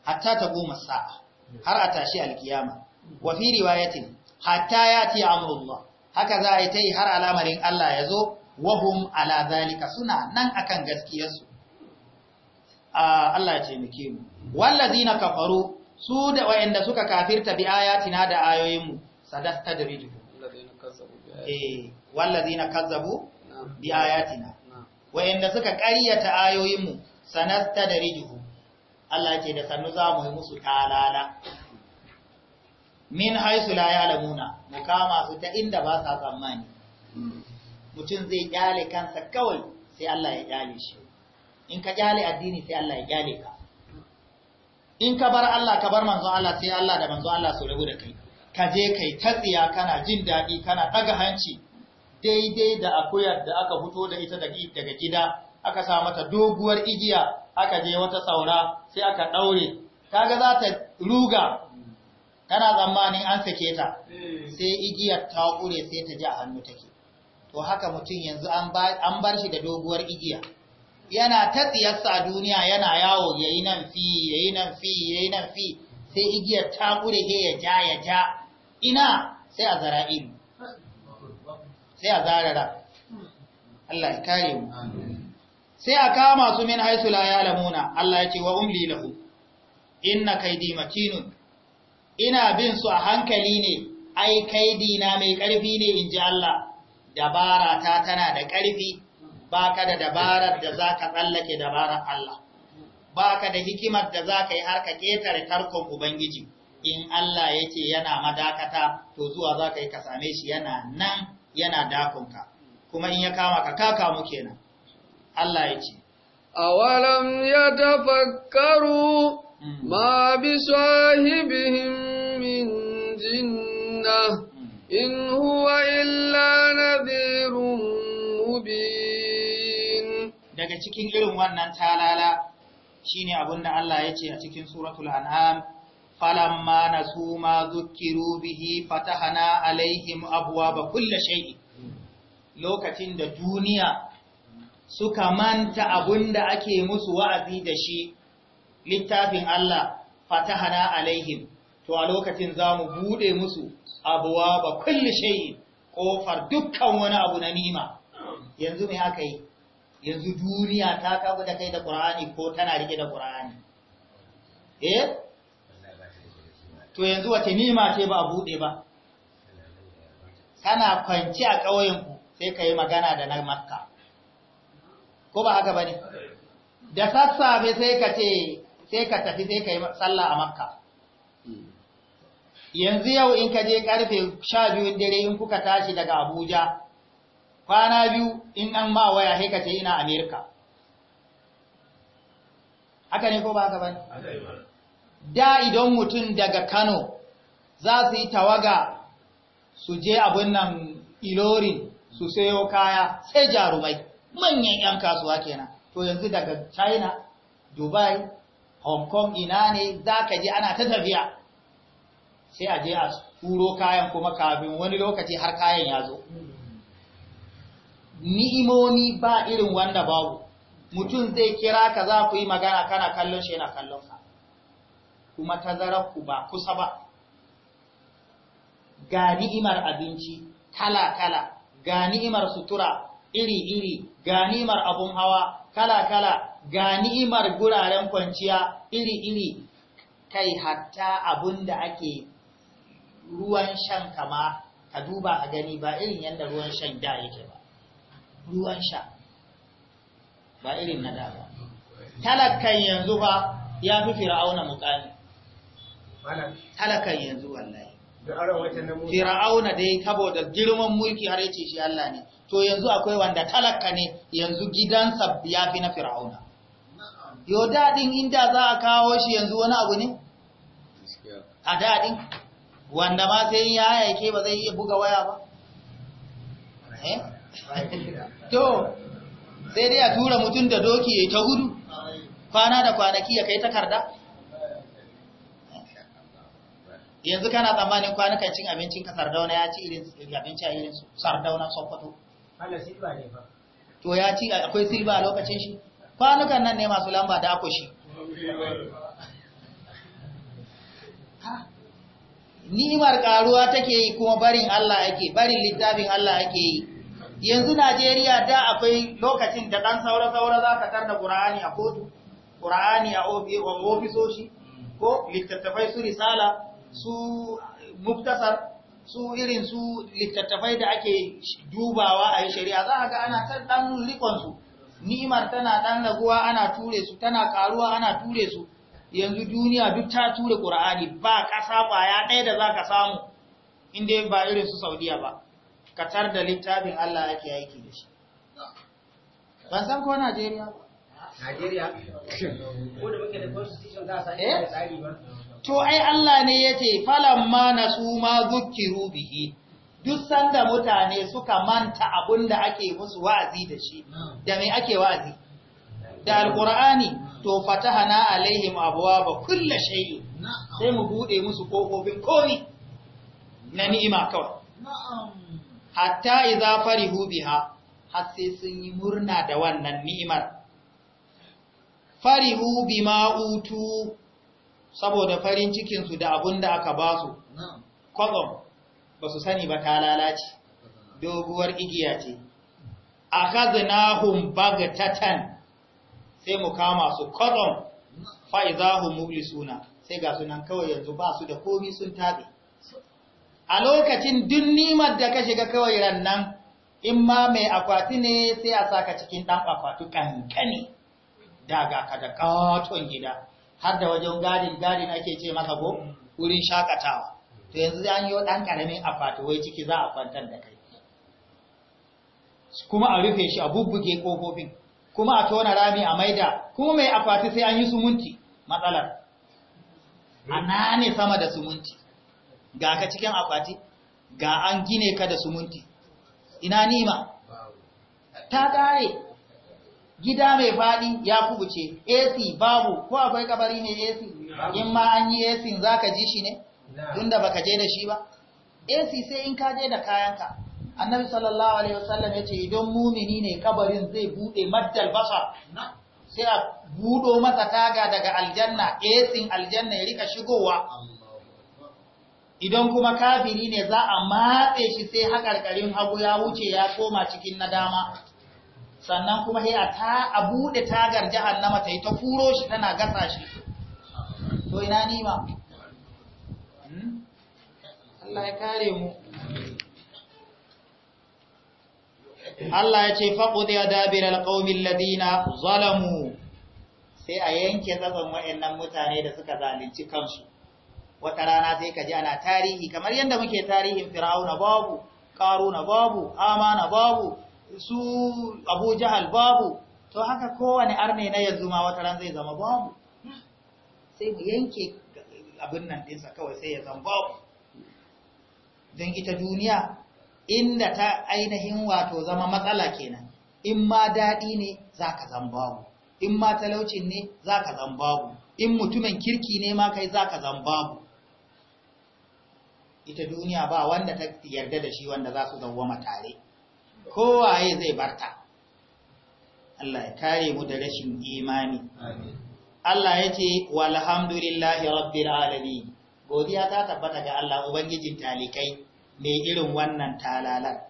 hatta ta goma sa'a har a tashi alkiyama wa fi riwayatin hatta yati amrullah haka za a yi ta yi har alamarin Allah ya zo wahum ala zalika suna nan akan gaskiyar su Allah ya taimake mu wallazina kafaru su da wayanda suka kafirta bi ayatina da ayoyinmu sadastadriju eh wallazina kazzabu bi ayatina eh, wayanda suka ƙaryata ayoyinmu sanastadrijuhum Allah ce da sannu za mu yi musu talala min haisu la ya'lamuna mu kama su ta inda ba sa tsammani mutum zai kyale kansa kawai sai Allah ya kyale shi in ka kyale addini sai Allah ya kyale ka in ka bar Allah ka bar manzon Allah sai Allah da manzon Allah su rabu da kai ka je kai ta tsiya kana jin daɗi kana ɗaga hanci daidai da akuyar da aka fito da ita daga gida aka sa mata doguwar igiya aka je wata saura sai aka daure kaga za ta ruga tana tsammanin an sake ta sai igiyar ta kure sai ta ji a hannu take to haka mutum yanzu an bar shi da doguwar igiya yana ta tsiyarsa a duniya yana yawo yayi nan fi yayi nan fi yayi nan fi sai igiyar ta kure he ya ja ya ja ina sai a zara'in sai a zarara Allah ya kare mu sai a kama su min haisu la lamuna, Allah ya ce wa umli lahu inna kaidi matinun ina bin su a hankali ne ai kaidi na mai karfi ne inji Allah dabara ta tana da karfi baka da dabarar da zaka tsallake dabarar Allah baka da hikimar da zaka yi har ka ketare tarkon ubangiji in Allah ya yana madakata to zuwa za ka yi ka same shi yana nan yana dakon ka, kuma in ya kama ka kaka mu kenan Allah ya ce A awalam yatafakkaru hmm. ma bi sahibihim min jinna hmm. in huwa illa nadhirun mubin daga cikin irin wannan talala shine abinda Allah ya ce a cikin suratul an'am suma, zukiru, ما ذكروا به alaihim, abuwa ba kulle shai'i. lokacin da duniya suka manta abunda ake musu wa'azi da shi littafin Allah fatahana alaihim to a lokacin zamu bude musu abuwa ba kulle shay'in kofar dukkan wani abu na nima yanzu me aka yi yanzu duniya ta kafa da kai da Qur'ani ko tana rike da Qur'ani eh to yanzu wace nima ce ba a bude ba kana kwanci a ƙauyenku sai ka yi magana da na makka ko ba haka bane da sassafe sai ka ce sai ka tafi sai ka yi tsalla a makka yanzu yau in ka je karfe sha biyun dare in kuka tashi daga abuja kwana biyu in an ma waya sai ka ce ina amerika haka ne ko ba haka bane da idan mutum daga kano za su yi tawaga su je abin nan ilorin su sayo kaya sai jarumai manyan 'yan kasuwa kenan to yanzu daga china dubai hong kong ina ne za ka ji ana ta tafiya sai a je a turo kayan kuma kafin wani lokaci har kayan ya zo ni'imoni ba irin wanda babu mutum zai kira ka za ku yi magana kana kallon shi yana kallon ka kuma tazarar ku ba kusa ba ga ni'imar abinci kala-kala ga ni'imar sutura iri-iri Ganimar abun hawa kala-kala ganimar guraren kwanciya iri-iri kai hatta abun da ake ruwan shan kama ka duba a gani ba irin yadda ruwan shan da yake ba ruwan sha ba irin na da ba talakan yanzu ba ya fi fir'auna mukani talakan yanzu wallahi fir'auna dai saboda girman mulki har yace shi Allah ne to yanzu akwai wanda talaka ne yanzu gidansa ya fi na fir'auna Yau daɗin inda za a kawo shi yanzu wani abu ne a daɗin wanda ma sai ya yake ba zai iya buga waya ba eh? <laughs> to sai dai a tura mutum da doki ya ta gudu kwana da kwanaki ya kai takarda yanzu kana tsammanin kwanukan cin abincin ka sardauna ya ci irin abinci a irin sardauna sokoto to ya ci akwai silba a lokacin shi kwanukan nan ne masu lamba da ako shi. nimar karuwa take yi kuma barin Allah ake barin littafin Allah ake yi yanzu Najeriya da akwai lokacin da ɗan saura-saura za ka tarna Qur'ani a kotu Qur'ani a ofisoshi ko littattafai su risala su muktasar? su irin su littattafai da ake dubawa a yi shari'a za a ga ana ta ɗan rikonsu ni'imar tana ɗan raguwa ana ture su tana ƙaruwa ana ture su yanzu duniya duk ta ture ƙura'ani ba ƙasa ba ya ɗaya da za ka samu inda ba irin su saudiya ba tar da littafin allah ake aiki da shi ban san ko Nigeria ba najeriya ko da muke da constitution za a sa eh? tsari ba to ai Allah ne ya ce ma na su ma zukiru bihi duk sanda mutane suka manta abun ake musu wa'azi da shi da mai ake wa'azi da alkur'ani to fatahana alaihim abuwa ba kulla shayi sai mu bude musu kofofin komi na ni'ima kawai hatta idza farihu biha har sai sun yi murna da wannan ni'imar farihu bima utu saboda farin cikinsu da abun da aka ba su kwakwam ba su sani ba ta lalace doguwar igiya ce a kazinahun tatan sai mu kama su kwakwam fa'izahun mubli suna sai ga sunan kawai yanzu ba su da komi sun taɓe a lokacin duk nimar da ka shiga kawai rannan in ma mai akwati ne sai a saka cikin ɗan akwati ƙanƙani daga ka da ƙaton gida har da wajen gadin gadin ake ce maka ko wurin shakatawa to yanzu zai an yi ɗan ƙaramin wai ciki za a kwantar da kai kuma a rufe shi a bubbuge kofofin kuma a tona rami a maida kuma mai akwati sai an yi sumunti matsalar a ne sama da sumunti ga ka cikin akwati ga an gine ka da sumunti ina nima ta dare gida mai faɗi ya kubuce AC babu ko akwai kabari ne AC in ma an yi AC za ka ji shi ne tunda baka je da shi ba AC sai in ka je da kayanka annabi sallallahu alaihi wasallam ce idan mumini ne kabarin zai bude maddal basar sai a budo masa taga daga aljanna AC aljanna ya rika shigowa idan kuma kafiri ne za a matse shi sai hakarkarin hagu ya wuce ya koma cikin nadama sannan kuma sai a ta a bude tagar jahannama ta yi ta furo shi tana gasa shi to ina nima hmm? Allah ya kare mu Allah ya ce faqud ya dabir alqawmi ladina zalamu sai a yanke tsatsan wayannan mutane da suka zalunci kansu wata rana sai ka ji ana tarihi kamar yadda muke tarihin fir'auna babu karuna babu amana babu su abu jahal babu to haka kowane arne na yanzu ma wata ran zai zama babu sai mu yanke abin nan dinsa kawai sai ya zama babu don ita duniya inda ta ainihin wato zama matsala kenan in ma daɗi ne za ka zama babu in ma talaucin ne za ka zama babu in mutumin kirki ne ma kai za ka zama babu ita duniya ba wanda ta yarda da shi wanda za su zauwa matare kowaye zai barta Allah ya kare mu da rashin imani Allah ya ce walhamdulillahi rabbil alamin godiya ta tabbata ga Allah ubangijin talikai mai irin wannan talalar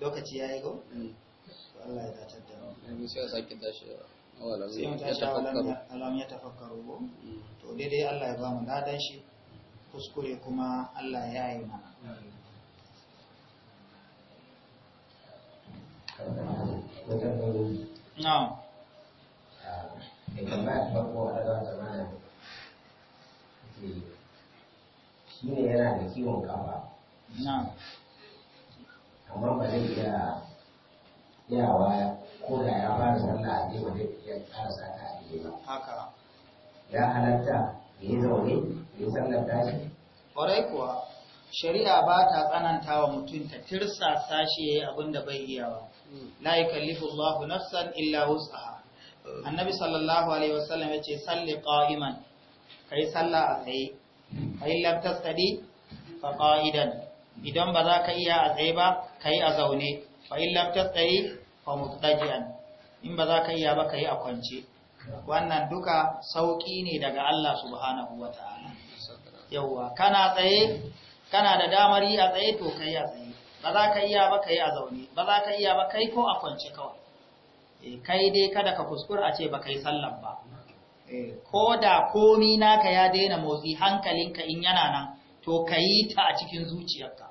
lokaci ya yi go Allah ya dace da mu sai ya saki tashi sai mu tashi alam ya tafakkaru go mm. to dai Allah ya ba mu ladan shi kuskure kuma Allah ya yi mana wasu tambayoyi. Na'am. Mai tambaya farko a daga zamana ke shi ne yana da kiwon kafa. Na'am. Amma ba zai iya yawa ko da ya fara sallah a jima zai iya ƙara sata a jima. Haka. Ya halatta ya yi zaune ya yi sallar tashi. Ƙwarai kuwa. shari'a ba ta tsananta wa mutum ta tirsasa shi ya yi abin bai iya ba la yukallifu Allahu nafsan illa wus'aha annabi sallallahu alaihi wasallam yace salli qa'iman kai sallah a tsaye kai lam tastadi fa qa'idan idan ba za ka iya a tsaye ba kai a zaune fa in lam tastadi fa mutajian in ba za ka iya ba kai a kwance wannan duka sauki ne daga Allah subhanahu wataala yawa kana tsaye kana da damar yi a tsaye to kai a tsaye ba za ka iya ba ka yi a zaune ba za ka iya ba kai ko a kwance kawai eh, kai dai kada ka kuskura a ce ba kai sallan ba eh, ko da komi naka ya daina motsi hankalinka in yana nan to ka yi ta a cikin zuciyarka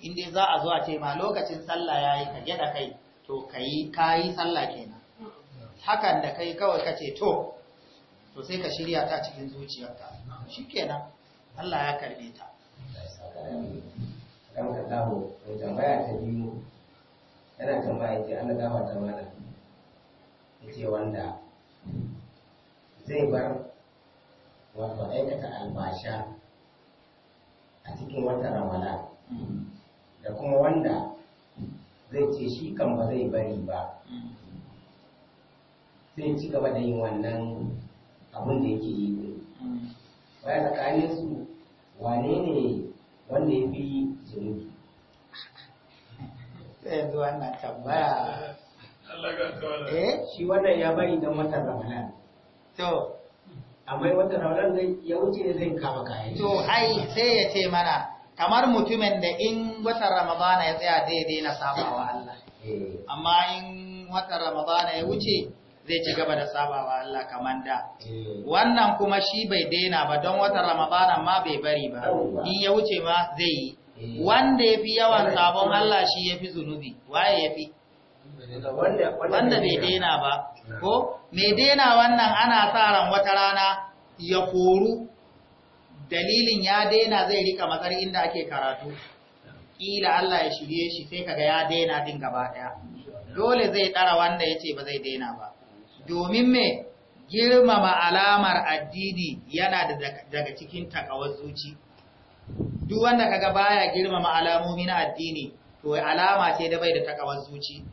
inda za a zuwa a ce ma lokacin sallah ya yi ka gyaɗa kai to ka yi ka yi sallah kenan hakan da kai kawai ka ce to to sai ka shirya ta cikin zuciyarka shi kenan Allah ya karbe ta kan ka mai tambaya ta biyu yana tambaya ce an gafa ta mana ce wanda zai bar wato aikata albasha a cikin wata ramala da kuma wanda zai ce shi kan ba zai bari ba sai ci gaba da yin wannan abin da yake yi baya tsakanin su wane ne wanda ya fi zunubi sai zuwa na tambaya eh shi wannan ya bari don watan ramadan to amma watan ramadan zai ya wuce ne zai kama kayan to ai sai ya ce mana kamar mutumin da in watan ramadana ya tsaya daidai na samawa Allah eh. amma in watan ramadana ya wuce zai ci gaba da sabawa Allah kamar da hmm. wannan kuma shi bai daina ba don wata ramadana ma bai bari ba in ya wuce ma zai yi hmm. wanda ya fi yawan sabon Allah shi ya fi zunubi waye ya fi wanda bai daina ba ko mai daina wannan ana sa ran wata rana ya koru dalilin ya daina zai rika matsar inda ake karatu kila Allah ya shirye shi sai kaga ya daina din gaba daya dole zai ɗara wanda ya ce ba zai daina ba domin me girmama alamar addini yana daga cikin takawar zuci duk wanda kaga baya girmama alamomi na addini to alama ce da bai da takawar zuci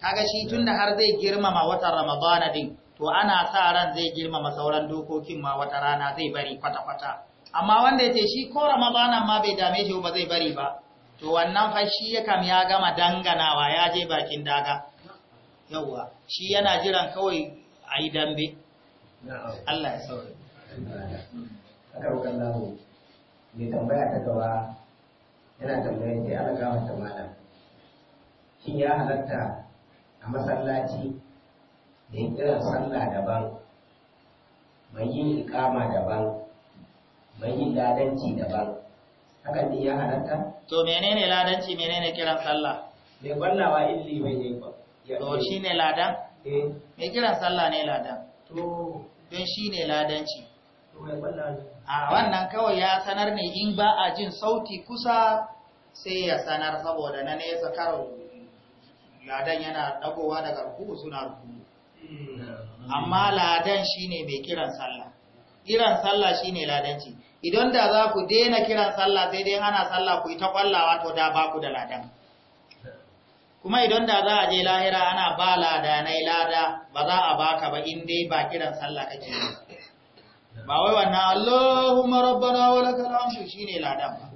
kaga shi tunda har zai girmama watan ramadana din to ana sa ran zai girmama sauran dokokin ma wata rana zai bari kwata-kwata amma wanda yace shi ko ramadana ma bai dame shi ba zai bari ba to wannan fa shi ya kam ya gama danganawa ya je bakin daga yawwa shi yana jiran kawai a yi dambe Allah ya saurari aka rukan namu mai tambaya ta gaba yana tambayar da ana gawa ta malam shin ya halatta a masallaci da yin kiran sallah daban mai yin ikama daban mai yin ladanci daban hakan ne ya halatta to menene ladanci menene kiran sallah mai kwallawa illi mai ne ya to shine ladan Eh. mai kiran sallah ne ladan don shi ne ladanci a wannan kawai ya sanar ne in ba a jin sauti kusa sai ya sanar saboda na nesa karo ladan yana dagowa daga ruku suna ruku hmm. amma ladan shi ne mai kiran sallah kiran sallah shi ne ladanci idan da za ku daina kiran sallah sai dai ana sallah ku yi ta kwallawa to da ba ku da ladan kuma idan da za a je lahira ana ba lada na lada ba za a baka ba in dai ba kiran sallah kake yi ba wai wannan Allahumma rabbana wa lakal hamdu shine ladan ba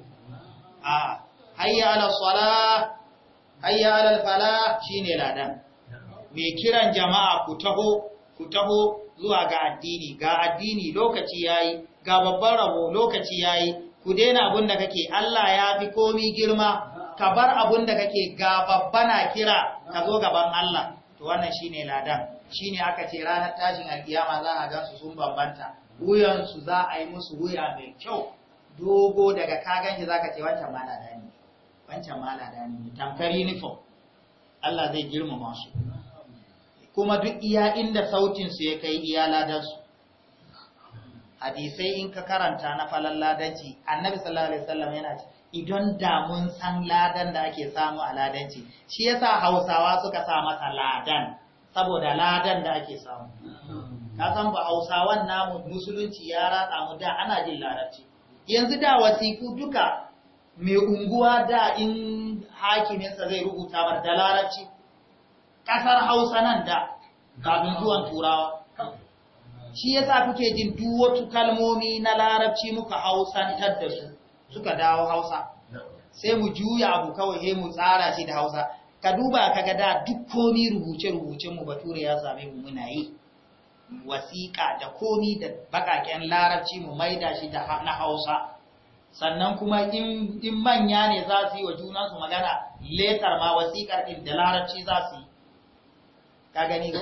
a hayya ala salah hayya ala falah shine ladan me kiran jama'a ku taho ku taho zuwa ga addini ga addini lokaci yayi ga babban rabo lokaci yayi ku daina abin da kake Allah ya fi komi girma ka bar abun da kake ga kira ka zo gaban Allah to wannan shine ladan shine aka ce ranar tashin alkiyama za a gansu sun bambanta wuyan su za a yi musu wuya mai kyau dogo daga ka ganki zaka ce wancan ma ladan ne wancan ma ladan ne tamkar uniform Allah zai girmama su kuma duk iya inda sautin su ya kai iya ladan su hadisai in ka karanta na falal ladanci annabi sallallahu alaihi wasallam yana ce idan damun san ladan da ake samu a ladanci shi yasa hausawa suka sa masa ladan saboda ladan da ake samu ka san ba hausawan namu musulunci ya ratsa mu da ana jin larabci yanzu da wasiku duka mai unguwa da in hakiminsa zai rubuta bar da larabci kasar hausa nan da kafin zuwan turawa shi yasa kuke jin duk kalmomi na larabci muka hausantar da su suka dawo hausa sai mu juya abu kawai sai mu tsara shi da hausa ka duba ka ga da duk komi rubuce-rubucen mu bature ya same mu muna yi wasiƙa da komi da baƙaƙen larabci mu maida shi da na hausa sannan kuma in manya ne za su yi wa junansu magana letar ma wasiƙar ɗin da larabci za su yi ka gani ga?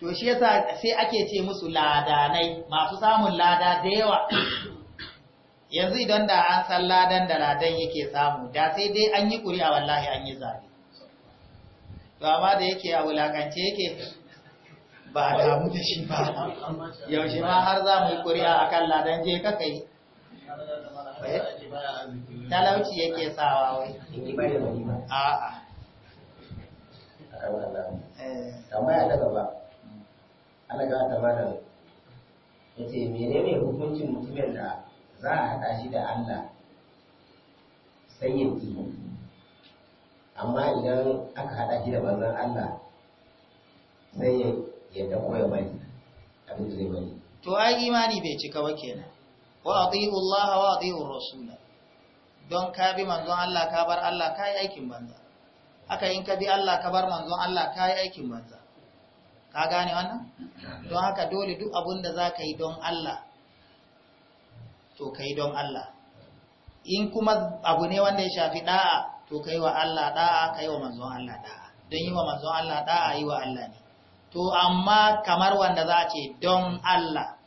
to shi yasa sai ake ce musu ladanai masu samun lada da yawa yanzu idan da an san ladan da ladan yake samu da sai dai an yi ƙuri'a wallahi an yi zaɓe to amma da yake a wulakance yake ba da damu da shi ba yaushe ma har za mu yi ƙuri'a a kan ladan je ka kai talauci yake sawa wai a'a tambaya ta ba ana gaba ta ba da ya ce menene hukuncin mutumin da za a haɗa shi da Allah sai ya amma idan aka haɗa shi da manzon Allah sai ya yadda ko ya bari abin da zai bari to ai imani bai cika ba kenan wa ati'u Allah wa ati'u rasul don ka bi manzon Allah ka bar Allah ka yi aikin banza haka in ka bi Allah ka bar manzon Allah ka yi aikin banza ka gane wannan don haka dole duk abin da za ka yi don Allah to kai don Allah in kuma abu ne wanda ya shafi da'a to kai wa Allah da'a kai wa manzon Allah da'a don yi wa manzon Allah da'a yi wa Allah ne to amma kamar wanda za a ce don Allah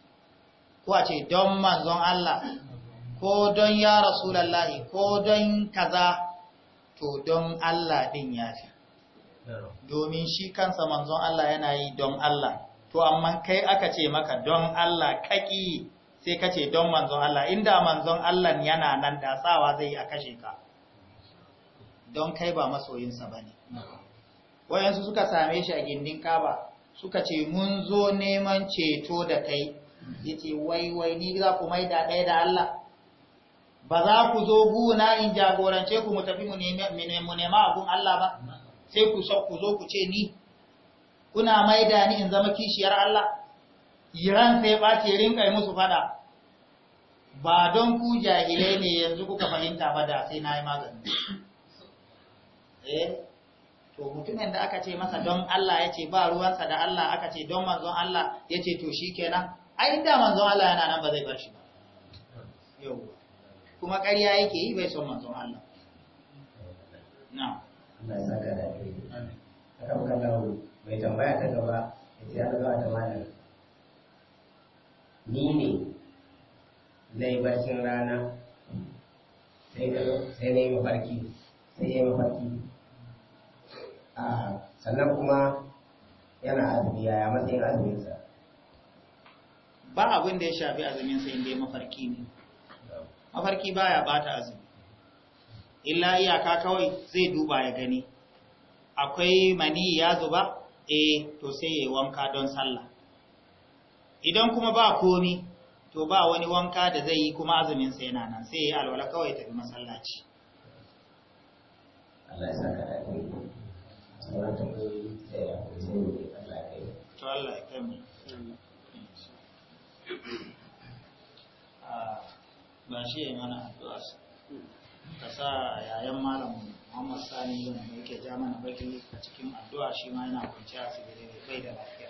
ko a ce don manzon Allah ko don ya rasulallahi ko don kaza to don Allah din ya fi domin shi kansa manzon Allah yana yi don Allah to amma kai aka ce maka don Allah kaki sai ka ce don manzon Allah inda manzon Allah yana nan da tsawa zai yi a kashe ka don kai ba masoyinsa ba ne wayansu suka same shi a gindin kaba suka ce mun zo neman ceto da kai ya ce wai wai ni za ku maida ɗaya da Allah ba za ku zo guna in jagorance ku mu tafi mu nema abun Allah ba sai ku zo ku ce ni kuna maida ni in zama kishiyar Allah iran sai ɓace rinka musu faɗa. ba don ku jahilai ne yanzu kuka fahimta ba da sai na yi magani eh to mutumin da aka ce masa don Allah ya ce ba ruwansa da Allah aka ce don manzon Allah ya ce to shi kenan ai da manzon Allah yana nan ba zai bar shi ba Yau, kuma ƙarya yake yi bai son manzon Allah na Allah ya saka da kai akan kallawo mai tambaya ta gaba ya ce Allah ta ni ne na yi rana sai na yi mafarki sai ya yi mafarki sannan kuma yana azumi yaya matsayin azuminsa ba abin da ya shafi azumin sai yi mafarki ne mafarki baya bata azumi illa iyaka kawai zai duba ya gani akwai mani ya zuba eh to sai ya wanka don sallah idan kuma ba komi to ba wani wanka da zai yi kuma azumin sai yana nan sai ya alwala kawai tafi masallaci Allah ya saka da Allah ya ya ah, yayan malam Muhammad Sani yana ja mana baki a cikin addu'a shi yana kwanciya asibiti bai da lafiya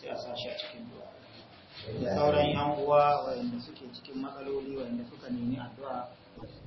sai a sashi a cikin du'a sauran yan uwa wayanda suke cikin matsaloli wayanda suka nemi addu'a